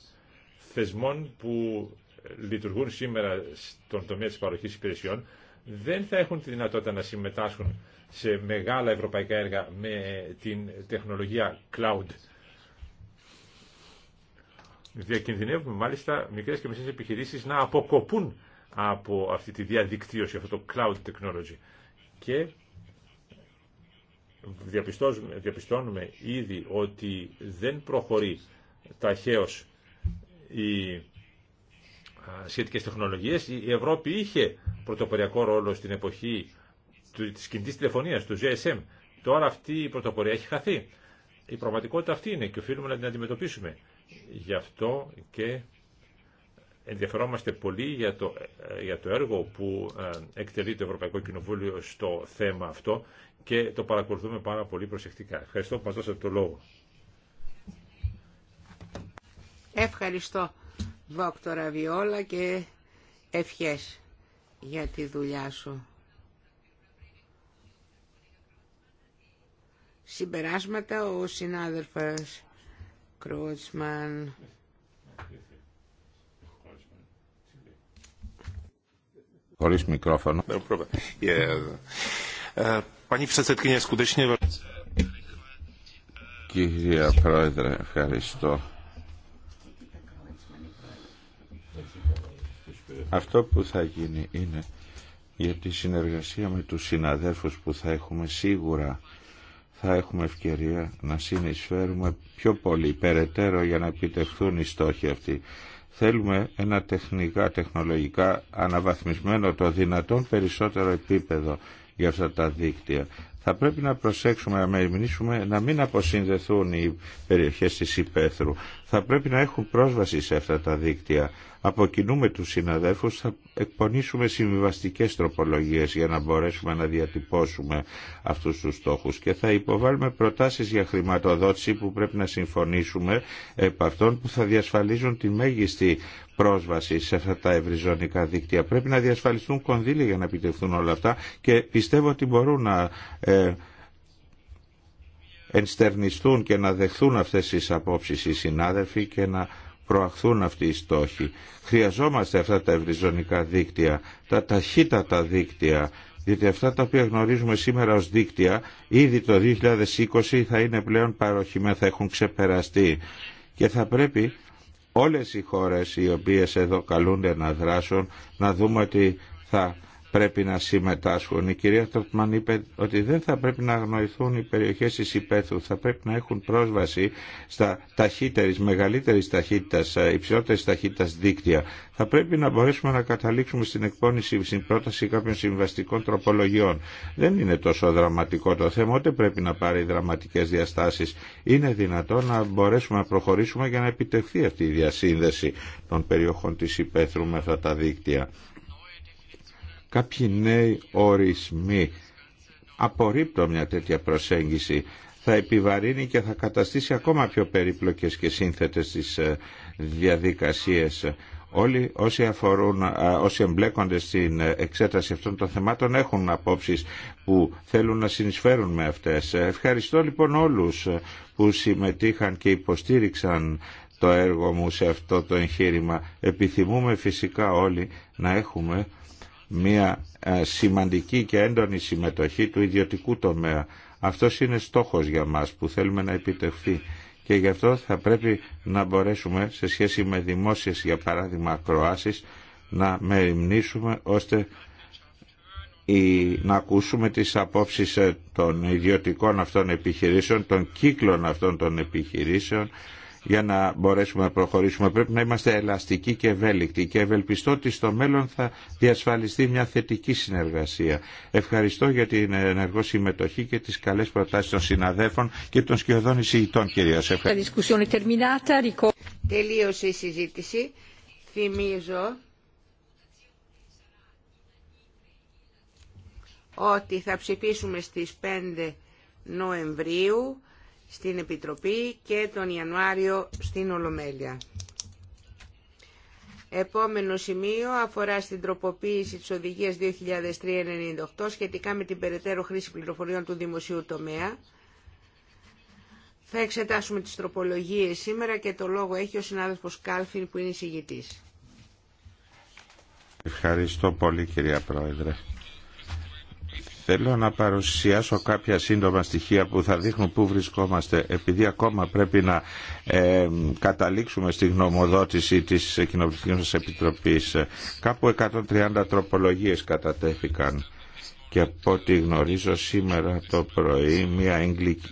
θεσμών που λειτουργούν σήμερα στον τομέα της παροχής υπηρεσιών δεν θα έχουν τη δυνατότητα να συμμετάσχουν σε μεγάλα ευρωπαϊκά έργα με την τεχνολογία cloud. Διακινδυνεύουμε μάλιστα μικρές και μεσές επιχειρήσεις να αποκοπούν από αυτή τη διαδικτύωση, αυτό το cloud technology. Και διαπιστώνουμε ήδη ότι δεν προχωρεί ταχαίως η Σχετικέ τεχνολογίες. Η Ευρώπη είχε πρωτοποριακό ρόλο στην εποχή της κινητής τηλεφωνία, του GSM. Τώρα αυτή η πρωτοπορία έχει χαθεί. Η πραγματικότητα αυτή είναι και οφείλουμε να την αντιμετωπίσουμε. Γι' αυτό και ενδιαφερόμαστε πολύ για το, για το έργο που ε, εκτελεί το Ευρωπαϊκό Κοινοβούλιο στο θέμα αυτό και το παρακολουθούμε πάρα πολύ προσεκτικά. Ευχαριστώ που μας δώσατε το λόγο. Ευχαριστώ. Βόκτορα Βιόλα και ευχές για τη δουλειά σου. Συμπεράσματα ο συνάδελφος Κρότσμαν. Χωρίς μικρόφωνο. Ε, ε, Κυρία Πρόεδρε, ευχαριστώ. Αυτό που θα γίνει είναι για τη συνεργασία με τους συναδέλφους που θα έχουμε σίγουρα θα έχουμε ευκαιρία να συνεισφέρουμε πιο πολύ περαιτέρω για να επιτευχθούν οι στόχοι αυτοί. Θέλουμε ένα τεχνικά, τεχνολογικά αναβαθμισμένο το δυνατόν περισσότερο επίπεδο για αυτά τα δίκτυα. Θα πρέπει να προσέξουμε, να μιλήσουμε να μην αποσυνδεθούν οι περιοχές της υπαίθρου. Θα πρέπει να έχουν πρόσβαση σε αυτά τα δίκτυα αποκινούμε τους συναδέλφους θα εκπονήσουμε συμβιβαστικές τροπολογίες για να μπορέσουμε να διατυπώσουμε αυτούς τους στόχους και θα υποβάλουμε προτάσεις για χρηματοδότηση που πρέπει να συμφωνήσουμε επ' αυτών που θα διασφαλίζουν τη μέγιστη πρόσβαση σε αυτά τα ευρυζωνικά δίκτυα. Πρέπει να διασφαλιστούν κονδύλια για να επιτευχθούν όλα αυτά και πιστεύω ότι μπορούν να ε, ενστερνιστούν και να δεχθούν αυτές τις απόψεις οι συνάδελφοι και να προαχθούν αυτοί οι στόχοι. Χρειαζόμαστε αυτά τα ευρυζωνικά δίκτυα, τα ταχύτατα δίκτυα, διότι αυτά τα οποία γνωρίζουμε σήμερα ως δίκτυα, ήδη το 2020 θα είναι πλέον παροχημένα, θα έχουν ξεπεραστεί. Και θα πρέπει όλες οι χώρες οι οποίες εδώ καλούνται να δράσουν, να δούμε ότι θα πρέπει να συμμετάσχουν. Η κυρία Τροτμαν είπε ότι δεν θα πρέπει να αγνοηθούν οι περιοχές της υπέθου. θα πρέπει να έχουν πρόσβαση στα ταχύτερης, μεγαλύτερης ταχύτητας, ε, υψηλότερης ταχύτητας δίκτυα. Θα πρέπει να μπορέσουμε να καταλήξουμε στην εκπόνηση, στην πρόταση κάποιων συμβαστικών τροπολογιών. Δεν είναι τόσο δραματικό το θέμα, ούτε πρέπει να πάρει δραματικές διαστάσεις. Είναι δυνατό να μπορέσουμε να προχωρήσουμε για να επιτευχθεί αυτή η διασύνδεση των περιοχών της υπαίθρου με αυτά τα δίκτυα κάποιοι νέοι ορισμοί. Απορρίπτω μια τέτοια προσέγγιση. Θα επιβαρύνει και θα καταστήσει ακόμα πιο περίπλοκες και σύνθετες τις ε, διαδικασίες. Όλοι όσοι, αφορούν, ε, όσοι εμπλέκονται στην ε, εξέταση αυτών των θεμάτων έχουν απόψεις που θέλουν να συνεισφέρουν με αυτές. Ευχαριστώ λοιπόν όλους που συμμετείχαν και υποστήριξαν το έργο μου σε αυτό το εγχείρημα. Επιθυμούμε φυσικά όλοι να έχουμε μια ε, σημαντική και έντονη συμμετοχή του ιδιωτικού τομέα. Αυτός είναι στόχος για μας που θέλουμε να επιτευχθεί και γι' αυτό θα πρέπει να μπορέσουμε σε σχέση με δημόσιες για παράδειγμα ακροάσεις να μεριμνήσουμε ώστε να ακούσουμε τις απόψεις ε, των ιδιωτικών αυτών επιχειρήσεων, των κύκλων αυτών των επιχειρήσεων για να μπορέσουμε να προχωρήσουμε. Πρέπει να είμαστε ελαστικοί και ευέλικτοι και ευελπιστώ ότι στο μέλλον θα διασφαλιστεί μια θετική συνεργασία. Ευχαριστώ για την ενεργό συμμετοχή και τις καλές προτάσεις των συναδέφων και των σκιωδών εισηγητών κυρίως. Ευχαριστώ. Τελείωσε η συζήτηση. Θυμίζω ότι θα ψηφίσουμε στις 5 Νοεμβρίου στην Επιτροπή και τον Ιανουάριο στην Ολομέλεια. Επόμενο σημείο αφορά στην τροποποίηση της οδηγίας 2003-98 σχετικά με την περαιτέρω χρήση πληροφοριών του δημοσίου τομέα. Θα εξετάσουμε τις τροπολογίες σήμερα και το λόγο έχει ο συνάδελφος Κάλφιν που είναι εισηγητής. Ευχαριστώ πολύ κυρία Πρόεδρε. Θέλω να παρουσιάσω κάποια σύντομα στοιχεία που θα δείχνουν πού βρισκόμαστε επειδή ακόμα πρέπει να ε, καταλήξουμε στη γνωμοδότηση της Κοινοβουλικής Επιτροπής. Κάπου 130 τροπολογίες κατατέθηκαν και από ό,τι γνωρίζω σήμερα το πρωί μια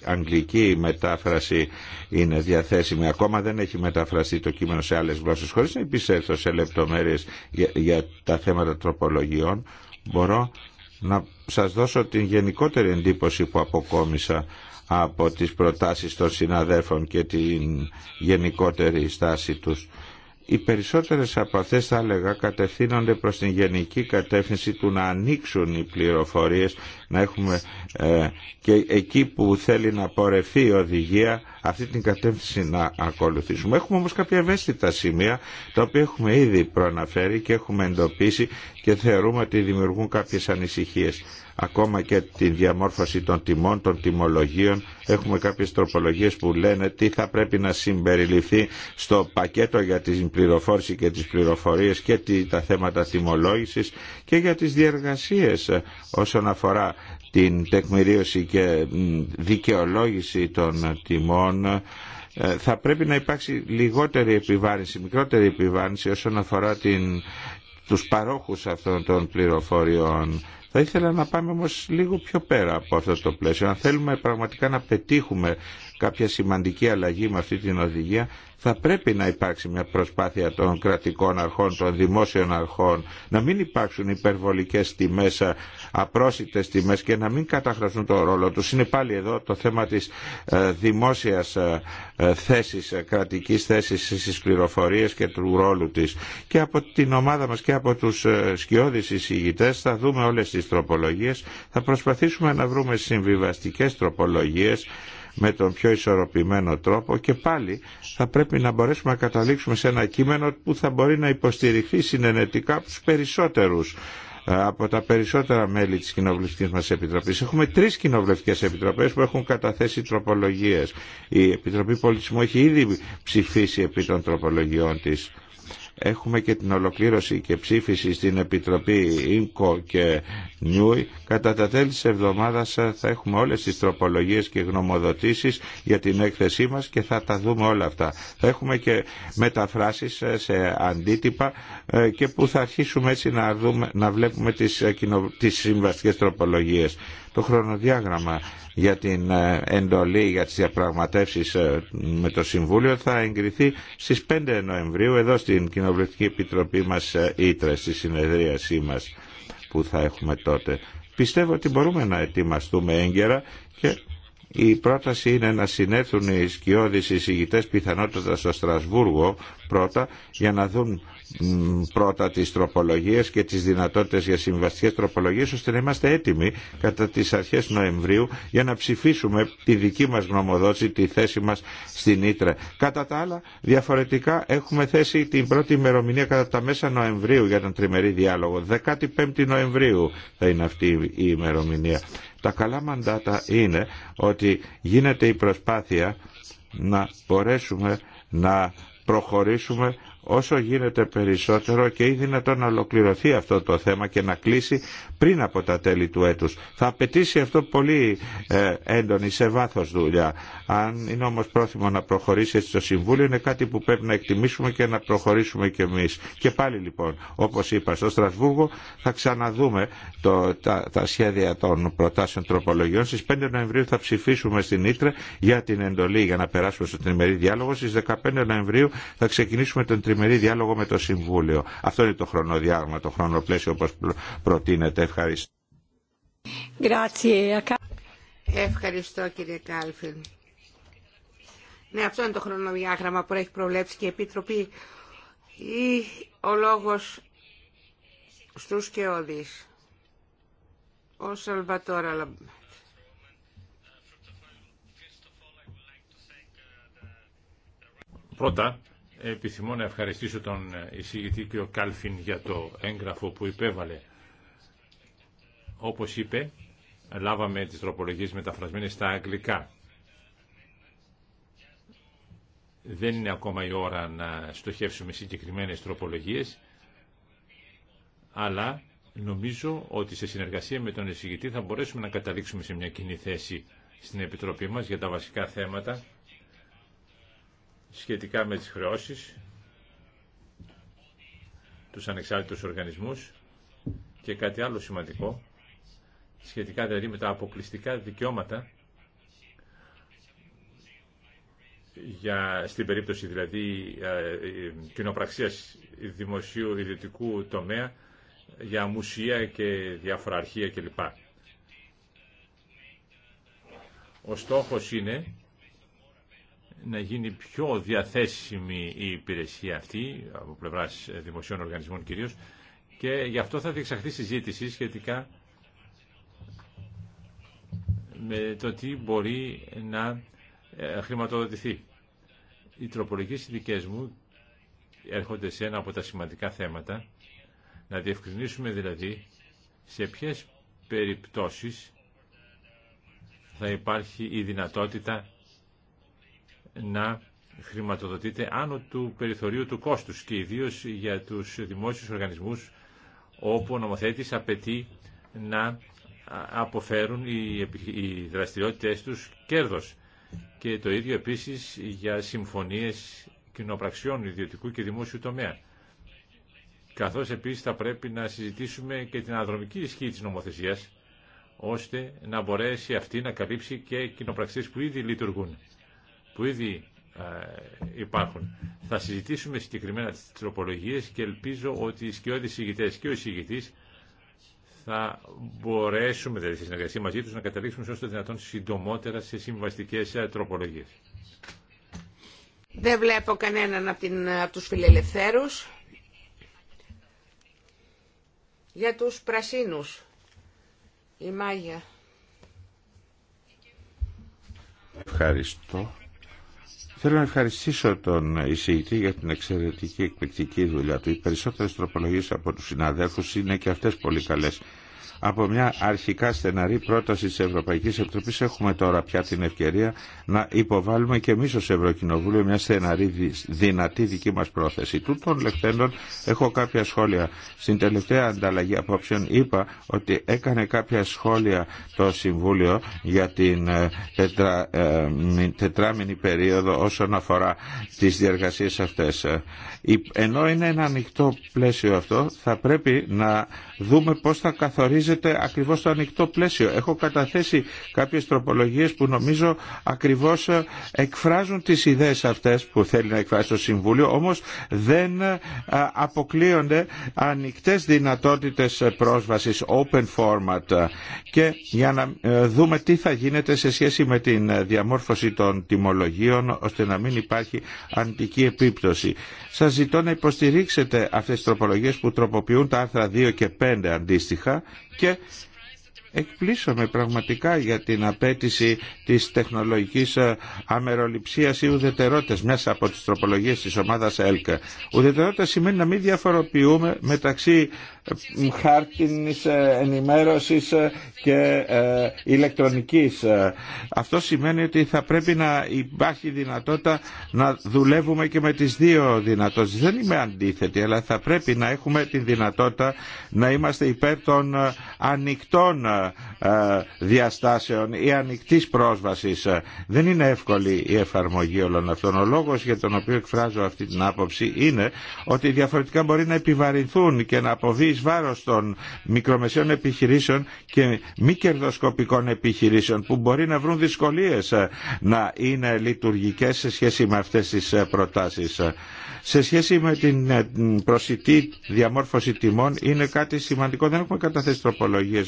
αγγλική μετάφραση είναι διαθέσιμη. Ακόμα δεν έχει μεταφραστεί το κείμενο σε άλλες γλώσσες. Χωρίς να επισέλθω σε λεπτομέρειες για, για τα θέματα τροπολογιών μπορώ να σας δώσω την γενικότερη εντύπωση που αποκόμισα από τις προτάσεις των συναδέρφων και την γενικότερη στάση τους. Οι περισσότερες από αυτέ, θα έλεγα κατευθύνονται προς την γενική κατεύθυνση του να ανοίξουν οι πληροφορίες, να έχουμε ε, και εκεί που θέλει να πορευθεί η οδηγία αυτή την κατεύθυνση να ακολουθήσουμε. Έχουμε όμως κάποια ευαίσθητα σημεία τα οποία έχουμε ήδη προαναφέρει και έχουμε εντοπίσει και θεωρούμε ότι δημιουργούν κάποιες ανησυχίες ακόμα και τη διαμόρφωση των τιμών, των τιμολογίων. Έχουμε κάποιες τροπολογίες που λένε τι θα πρέπει να συμπεριληφθεί στο πακέτο για την πληροφόρηση και τις πληροφορίες και τα θέματα τιμολόγησης και για τις διεργασίες όσον αφορά την τεκμηρίωση και δικαιολόγηση των τιμών ε, θα πρέπει να υπάρξει λιγότερη επιβάρυνση, μικρότερη επιβάρυνση όσον αφορά την, τους παρόχους αυτών των πληροφοριών θα ήθελα να πάμε όμως λίγο πιο πέρα από αυτό το πλαίσιο. Αν θέλουμε πραγματικά να πετύχουμε κάποια σημαντική αλλαγή με αυτή την οδηγία, θα πρέπει να υπάρξει μια προσπάθεια των κρατικών αρχών, των δημόσιων αρχών, να μην υπάρξουν υπερβολικές τιμές απρόσιτες τιμές και να μην καταχραστούν το ρόλο τους. Είναι πάλι εδώ το θέμα της ε, δημόσιας ε, ε, θέσης, κρατικής θέσης στις πληροφορίες και του ρόλου της. Και από την ομάδα μας και από τους σκιώδεις εισηγητές θα δούμε όλες τις τροπολογίες. Θα προσπαθήσουμε να βρούμε συμβιβαστικές τροπολογίες με τον πιο ισορροπημένο τρόπο και πάλι θα πρέπει να μπορέσουμε να καταλήξουμε σε ένα κείμενο που θα μπορεί να υποστηριχθεί συνενετικά από τους περισσότερους ε, από τα περισσότερα μέλη της Κοινοβουλευτικής μας Επιτροπής. Έχουμε τρεις κοινοβουλευτικές επιτροπές που έχουν καταθέσει τροπολογίες. Η Επιτροπή Πολιτισμού έχει ήδη ψηφίσει επί των τροπολογιών της. Έχουμε και την ολοκλήρωση και ψήφιση στην Επιτροπή ίνκο και Νιούι. Κατά τα τέλη της εβδομάδας θα έχουμε όλες τις τροπολογίες και γνωμοδοτήσεις για την έκθεσή μας και θα τα δούμε όλα αυτά. Θα έχουμε και μεταφράσεις σε αντίτυπα ε, και που θα αρχίσουμε έτσι να, δούμε, να βλέπουμε τις, ε, τις συμβαστικές τροπολογίες. Το χρονοδιάγραμμα για την ε, εντολή, για τις διαπραγματεύσεις με το Συμβούλιο θα εγκριθεί στις 5 Νοεμβρίου εδώ στην Κοινοβουλευτική Επιτροπή μας Ήτρε, στη συνεδρίασή μας που θα έχουμε τότε. Πιστεύω ότι μπορούμε να ετοιμαστούμε έγκαιρα και η πρόταση είναι να συνέθούν οι σκιώδεις εισηγητές πιθανότατα στο Στρασβούργο πρώτα για να δουν πρώτα τις τροπολογίες και τις δυνατότητες για συμβαστικές τροπολογίες ώστε να είμαστε έτοιμοι κατά τις αρχές Νοεμβρίου για να ψηφίσουμε τη δική μας γνωμοδότηση, τη θέση μας στην Ήτρε. Κατά τα άλλα, διαφορετικά έχουμε θέσει την πρώτη ημερομηνία κατά τα μέσα Νοεμβρίου για τον τριμερή διάλογο. 15η Νοεμβρίου θα είναι αυτή ημερομηνία. Τα καλά μαντάτα είναι ότι γίνεται η προσπάθεια να μπορέσουμε να προχωρήσουμε όσο γίνεται περισσότερο και ή δυνατόν να ολοκληρωθεί αυτό το θέμα και να κλείσει πριν από τα τέλη του έτους. Θα απαιτήσει αυτό πολύ ε, έντονη σε βάθος δουλειά. Αν είναι όμως πρόθυμο να προχωρήσει έτσι το Συμβούλιο είναι κάτι που πρέπει να εκτιμήσουμε και να προχωρήσουμε κι εμείς. Και πάλι λοιπόν, όπως είπα στο Στρασβούργο, θα ξαναδούμε το, τα, σχέδια των προτάσεων τροπολογιών. Στις 5 Νοεμβρίου θα ψηφίσουμε στην Ήτρε για την εντολή για να περάσουμε στο τριμερή διάλογο. Στις 15 Νοεμβρίου θα ξεκινήσουμε τον τριμερή διάλογο με το Συμβούλιο. Αυτό είναι το χρονοδιάγραμμα, το χρονοπλαίσιο όπως προτείνεται. Ευχαριστώ. Ευχαριστώ κύριε Κάλφιν. Ναι, αυτό είναι το χρονοδιάγραμμα που έχει προβλέψει και η Επίτροπη ή ο λόγος στους και όδης. Ο Σαλβατόρα Πρώτα, Επιθυμώ να ευχαριστήσω τον εισηγητή κ. Κάλφιν για το έγγραφο που υπέβαλε. Όπως είπε, λάβαμε τις τροπολογίες μεταφρασμένες στα αγγλικά. Δεν είναι ακόμα η ώρα να στοχεύσουμε συγκεκριμένες τροπολογίες, αλλά νομίζω ότι σε συνεργασία με τον εισηγητή θα μπορέσουμε να καταλήξουμε σε μια κοινή θέση στην Επιτροπή μας για τα βασικά θέματα σχετικά με τις χρεώσεις, τους ανεξάρτητους οργανισμούς και κάτι άλλο σημαντικό, σχετικά δηλαδή με τα αποκλειστικά δικαιώματα για, στην περίπτωση δηλαδή ε, ε, κοινοπραξίας δημοσίου ιδιωτικού τομέα για μουσεία και διάφορα αρχεία κλπ. Ο στόχος είναι να γίνει πιο διαθέσιμη η υπηρεσία αυτή, από πλευρά δημοσίων οργανισμών κυρίω, και γι' αυτό θα διεξαχθεί συζήτηση σχετικά με το τι μπορεί να ε, χρηματοδοτηθεί. Οι τροπολογικέ δικέ μου έρχονται σε ένα από τα σημαντικά θέματα, να διευκρινίσουμε δηλαδή σε ποιες περιπτώσεις θα υπάρχει η δυνατότητα να χρηματοδοτείται άνω του περιθωρίου του κόστους και ιδίω για τους δημόσιους οργανισμούς όπου ο νομοθέτης απαιτεί να αποφέρουν οι δραστηριότητες τους κέρδος. Και το ίδιο επίσης για συμφωνίες κοινοπραξιών ιδιωτικού και δημόσιου τομέα. Καθώς επίσης θα πρέπει να συζητήσουμε και την αναδρομική ισχύ της νομοθεσίας, ώστε να μπορέσει αυτή να καλύψει και κοινοπραξίες που ήδη λειτουργούν που ήδη ε, υπάρχουν. Θα συζητήσουμε συγκεκριμένα τις τροπολογίες και ελπίζω ότι οι σκιώδεις ηγητές και ο εισηγητής θα μπορέσουμε, δηλαδή στη συνεργασία μαζί τους, να καταλήξουμε όσο το δυνατόν συντομότερα σε συμβαστικές ε, τροπολογίες. Δεν βλέπω κανέναν από, την, από τους φιλελευθέρους. Για τους πρασίνους. Η Μάγια. Ευχαριστώ. Θέλω να ευχαριστήσω τον εισηγητή για την εξαιρετική εκπληκτική δουλειά του. Οι περισσότερες τροπολογίες από τους συναδέλφου είναι και αυτές πολύ καλές. Από μια αρχικά στεναρή πρόταση της Ευρωπαϊκής Επιτροπής έχουμε τώρα πια την ευκαιρία να υποβάλουμε και εμείς ως Ευρωκοινοβούλιο μια στεναρή δυνατή δική μας πρόθεση. Τούτων λεχθέντων έχω κάποια σχόλια. Στην τελευταία ανταλλαγή απόψεων είπα ότι έκανε κάποια σχόλια το Συμβούλιο για την ε, τετρα, ε, τετράμινη περίοδο όσον αφορά τις διεργασίες αυτές. Ε, ενώ είναι ένα ανοιχτό πλαίσιο αυτό, θα πρέπει να δούμε πώς θα καθορίζεται ακριβώς το ανοιχτό πλαίσιο. Έχω καταθέσει κάποιες τροπολογίες που νομίζω ακριβώς ε, εκφράζουν τις ιδέες αυτές που θέλει να εκφράσει το Συμβούλιο, όμως δεν ε, αποκλείονται ανοιχτές δυνατότητες ε, πρόσβασης, open format και για να δούμε τι θα γίνεται σε σχέση με την διαμόρφωση των τιμολογίων ώστε να μην υπάρχει αντική επίπτωση. Σας ζητώ να υποστηρίξετε αυτές τις τροπολογίες που τροποποιούν τα άρθρα 2 και 5 5 αντίστοιχα και εκπλήσωμε πραγματικά για την απέτηση της τεχνολογικής ε, αμεροληψίας ή ουδετερότητας μέσα από τις τροπολογίες της ομάδας ΕΛΚΑ. Ουδετερότητα σημαίνει να μην διαφοροποιούμε μεταξύ ε, χάρτινης ε, ενημέρωσης και ηλεκτρονικής. Αυτό σημαίνει ότι θα πρέπει να υπάρχει δυνατότητα να δουλεύουμε και με τις δύο δυνατότητες. Δεν είμαι αντίθετη, αλλά θα πρέπει να έχουμε τη δυνατότητα να είμαστε υπέρ των ανοιχτών ε, διαστάσεων ή ανοιχτή πρόσβασης. Δεν είναι εύκολη η εφαρμογή όλων αυτών. Ο λόγος για τον οποίο εκφράζω αυτή την άποψη είναι ότι διαφορετικά μπορεί να επιβαρυνθούν και να αποβεί εις βάρος των μικρομεσαίων επιχειρήσεων και μη κερδοσκοπικών επιχειρήσεων που μπορεί να βρουν δυσκολίες ε, να είναι λειτουργικές σε σχέση με αυτές τις ε, προτάσεις. Σε σχέση με την προσιτή διαμόρφωση τιμών είναι κάτι σημαντικό. Δεν έχουμε καταθέσει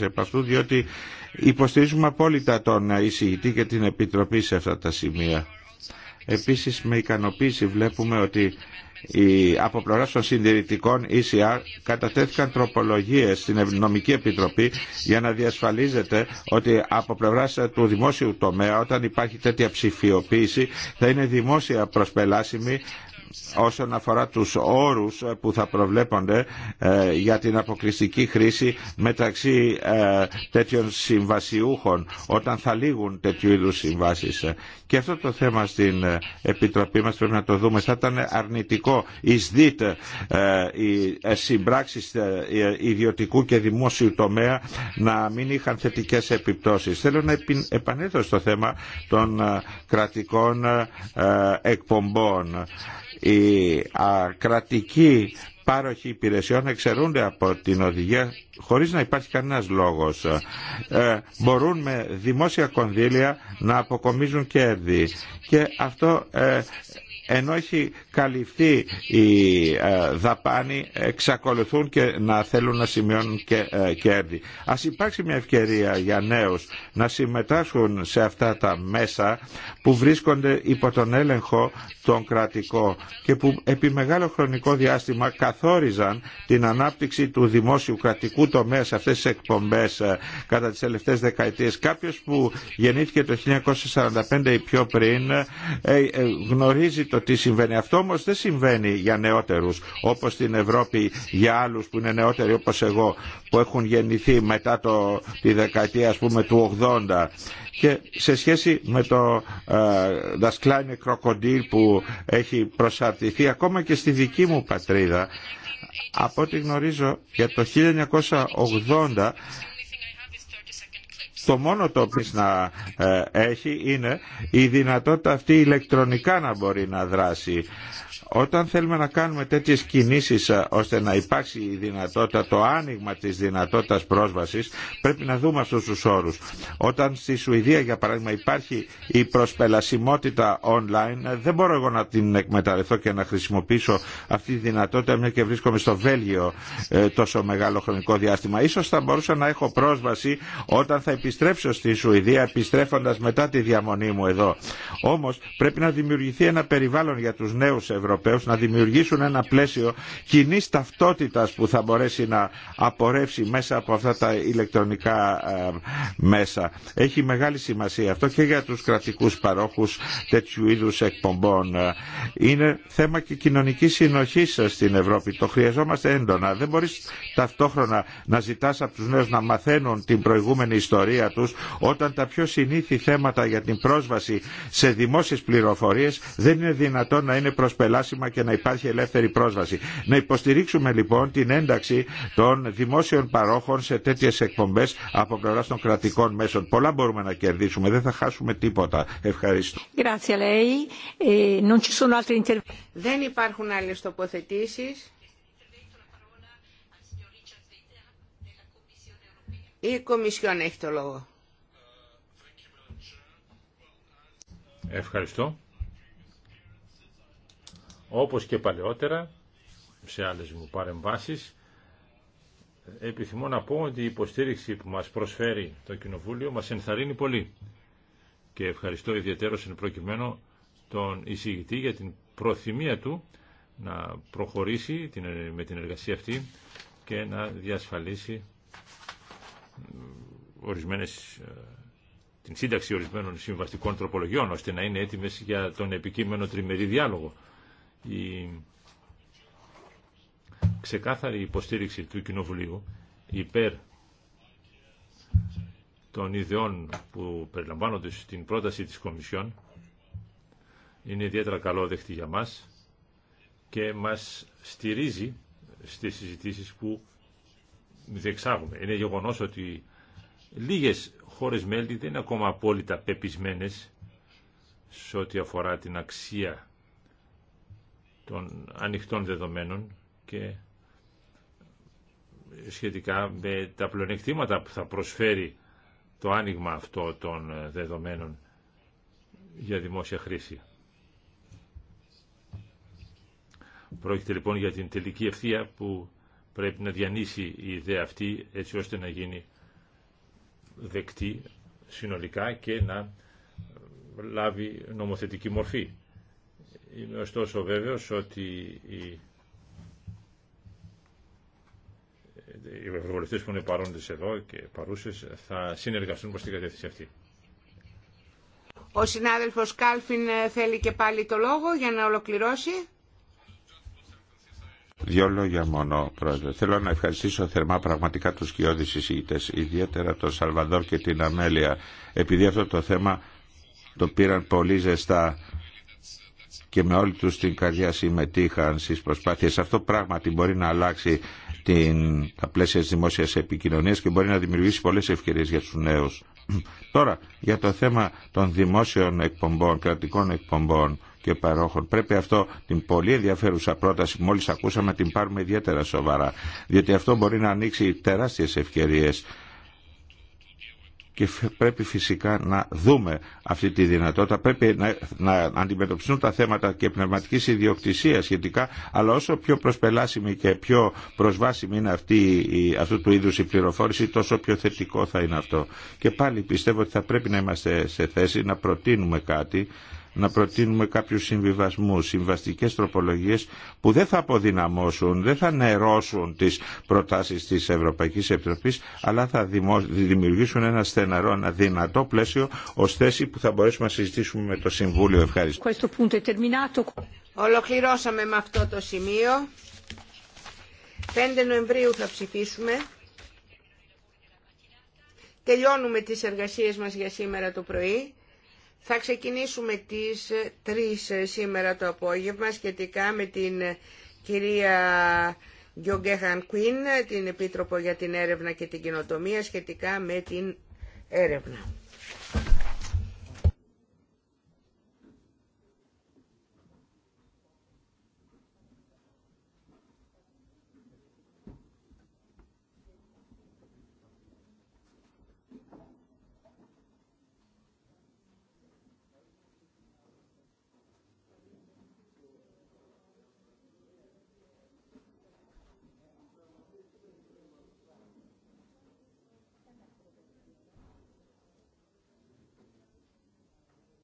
επ' αυτού, ότι υποστηρίζουμε απόλυτα τον εισηγητή και την Επιτροπή σε αυτά τα σημεία. Επίσης με ικανοποίηση βλέπουμε ότι οι, από πλευρά των συντηρητικών ECR κατατέθηκαν τροπολογίες στην Ευνομική Επιτροπή για να διασφαλίζεται ότι από πλευρά του δημόσιου τομέα όταν υπάρχει τέτοια ψηφιοποίηση θα είναι δημόσια προσπελάσιμη όσον αφορά τους όρους που θα προβλέπονται ε, για την αποκλειστική χρήση μεταξύ ε, τέτοιων συμβασιούχων όταν θα λήγουν τέτοιου είδους συμβάσεις. Και αυτό το θέμα στην ε, Επιτροπή μας πρέπει να το δούμε. Θα ήταν αρνητικό εις δίτ οι συμπράξεις ιδιωτικού και δημόσιου τομέα να μην είχαν θετικές επιπτώσεις. Θέλω να επανέλθω στο θέμα των κρατικών εκπομπών οι κρατικοί πάροχοι υπηρεσιών εξαιρούνται από την οδηγία χωρίς να υπάρχει κανένας λόγος. Ε, μπορούν με δημόσια κονδύλια να αποκομίζουν κέρδη. Και αυτό ε, ενώ έχει καλυφθεί η ε, δαπάνη εξακολουθούν και να θέλουν να σημειώνουν και ε, κέρδη. Ας υπάρξει μια ευκαιρία για νέους να συμμετάσχουν σε αυτά τα μέσα που βρίσκονται υπό τον έλεγχο των κρατικό και που επί μεγάλο χρονικό διάστημα καθόριζαν την ανάπτυξη του δημόσιου κρατικού τομέα σε αυτές τις εκπομπές ε, κατά τις τελευταίες δεκαετίες. Κάποιος που γεννήθηκε το 1945 ή πιο πριν γνωρίζει το τι συμβαίνει. Αυτό όμως δεν συμβαίνει για νεότερους όπως στην Ευρώπη για άλλους που είναι νεότεροι όπως εγώ που έχουν γεννηθεί μετά το, τη δεκαετία ας πούμε του 80 και σε σχέση με το ε, δασκλάινε κροκοντήλ που έχει προσαρτηθεί ακόμα και στη δική μου πατρίδα από ό,τι γνωρίζω για το 1980 το μόνο το οποίο να ε, έχει είναι η δυνατότητα αυτή ηλεκτρονικά να μπορεί να δράσει. Όταν θέλουμε να κάνουμε τέτοιες κινήσεις ε, ώστε να υπάρξει η δυνατότητα, το άνοιγμα της δυνατότητας πρόσβασης, πρέπει να δούμε αυτούς τους όρους. Όταν στη Σουηδία, για παράδειγμα, υπάρχει η προσπελασιμότητα online, ε, δεν μπορώ εγώ να την εκμεταλλευτώ και να χρησιμοποιήσω αυτή τη δυνατότητα, μια και βρίσκομαι στο Βέλγιο τόσο μεγάλο χρονικό διάστημα. Ίσως θα μπορούσα να έχω πρόσβαση όταν θα επιστρέψω στη Σουηδία επιστρέφοντας μετά τη διαμονή μου εδώ. Όμως πρέπει να δημιουργηθεί ένα περιβάλλον για τους νέους Ευρωπαίους, να δημιουργήσουν ένα πλαίσιο κοινή ταυτότητας που θα μπορέσει να απορρεύσει μέσα από αυτά τα ηλεκτρονικά ε, μέσα. Έχει μεγάλη σημασία αυτό και για τους κρατικούς παρόχους τέτοιου είδους εκπομπών. Είναι θέμα και κοινωνική συνοχή στην Ευρώπη. Το χρειαζόμαστε έντονα. Δεν μπορείς ταυτόχρονα να ζητάς από τους νέους να μαθαίνουν την προηγούμενη ιστορία όταν τα πιο συνήθη θέματα για την πρόσβαση σε δημόσιες πληροφορίες δεν είναι δυνατόν να είναι προσπελάσιμα και να υπάρχει ελεύθερη πρόσβαση. Να υποστηρίξουμε λοιπόν την ένταξη των δημόσιων παρόχων σε τέτοιες εκπομπές από πλευρά των κρατικών μέσων. Πολλά μπορούμε να κερδίσουμε, δεν θα χάσουμε τίποτα. Ευχαριστώ. Ε, δεν υπάρχουν άλλες τοποθετήσεις. Η Κομισιόν έχει Ευχαριστώ. Όπως και παλαιότερα, σε άλλες μου παρεμβάσεις, επιθυμώ να πω ότι η υποστήριξη που μας προσφέρει το Κοινοβούλιο μας ενθαρρύνει πολύ. Και ευχαριστώ ιδιαίτερο εν προκειμένου τον εισηγητή για την προθυμία του να προχωρήσει με την εργασία αυτή και να διασφαλίσει ορισμένες, ε, την σύνταξη ορισμένων συμβαστικών τροπολογιών ώστε να είναι έτοιμες για τον επικείμενο τριμερή διάλογο. Η ξεκάθαρη υποστήριξη του Κοινοβουλίου υπέρ των ιδεών που περιλαμβάνονται στην πρόταση της Κομισιόν είναι ιδιαίτερα καλό δεχτή για μας και μας στηρίζει στις συζητήσεις που διεξάγουμε. Είναι γεγονός ότι λίγες χώρε μέλη δεν είναι ακόμα απόλυτα πεπισμένες σε ό,τι αφορά την αξία των ανοιχτών δεδομένων και σχετικά με τα πλεονεκτήματα που θα προσφέρει το άνοιγμα αυτό των δεδομένων για δημόσια χρήση. Πρόκειται λοιπόν για την τελική ευθεία που Πρέπει να διανύσει η ιδέα αυτή έτσι ώστε να γίνει δεκτή συνολικά και να λάβει νομοθετική μορφή. Είμαι ωστόσο βέβαιος ότι οι οι ευρωβουλευτέ που είναι παρόντε εδώ και παρούσε θα συνεργαστούν προ την κατεύθυνση αυτή. Ο συνάδελφος Κάλφιν θέλει και πάλι το λόγο για να ολοκληρώσει. Δύο λόγια μόνο, Πρόεδρε. Θέλω να ευχαριστήσω θερμά πραγματικά τους κοιόδης εισηγητές, ιδιαίτερα τον Σαλβαδόρ και την Αμέλεια, επειδή αυτό το θέμα το πήραν πολύ ζεστά και με όλη τους την καρδιά συμμετείχαν στις προσπάθειες. Αυτό πράγματι μπορεί να αλλάξει την, τα πλαίσια της δημόσιας επικοινωνίας και μπορεί να δημιουργήσει πολλές ευκαιρίες για τους νέους. Τώρα, για το θέμα των δημόσιων εκπομπών, κρατικών εκπομπών, και παρόχων. Πρέπει αυτό την πολύ ενδιαφέρουσα πρόταση που μόλις ακούσαμε να την πάρουμε ιδιαίτερα σοβαρά, διότι αυτό μπορεί να ανοίξει τεράστιες ευκαιρίες και πρέπει φυσικά να δούμε αυτή τη δυνατότητα. Πρέπει να, να αντιμετωπιστούν τα θέματα και πνευματική ιδιοκτησία σχετικά, αλλά όσο πιο προσπελάσιμη και πιο προσβάσιμη είναι αυτή, αυτού του είδου η πληροφόρηση, τόσο πιο θετικό θα είναι αυτό. Και πάλι πιστεύω ότι θα πρέπει να είμαστε σε θέση να προτείνουμε κάτι να προτείνουμε κάποιους συμβιβασμούς, συμβαστικές τροπολογίες που δεν θα αποδυναμώσουν, δεν θα νερώσουν τις προτάσεις της Ευρωπαϊκής Επιτροπής, αλλά θα δημιουργήσουν ένα στεναρό, ένα δυνατό πλαίσιο ως θέση που θα μπορέσουμε να συζητήσουμε με το Συμβούλιο. Ευχαριστώ. Ολοκληρώσαμε με αυτό το σημείο. 5 Νοεμβρίου θα ψηφίσουμε. Τελειώνουμε τις εργασίες μας για σήμερα το πρωί. Θα ξεκινήσουμε τις ε, τρεις ε, σήμερα το απόγευμα σχετικά με την ε, κυρία Γιογκέχαν Κουίν, την Επίτροπο για την Έρευνα και την Κοινοτομία, σχετικά με την έρευνα.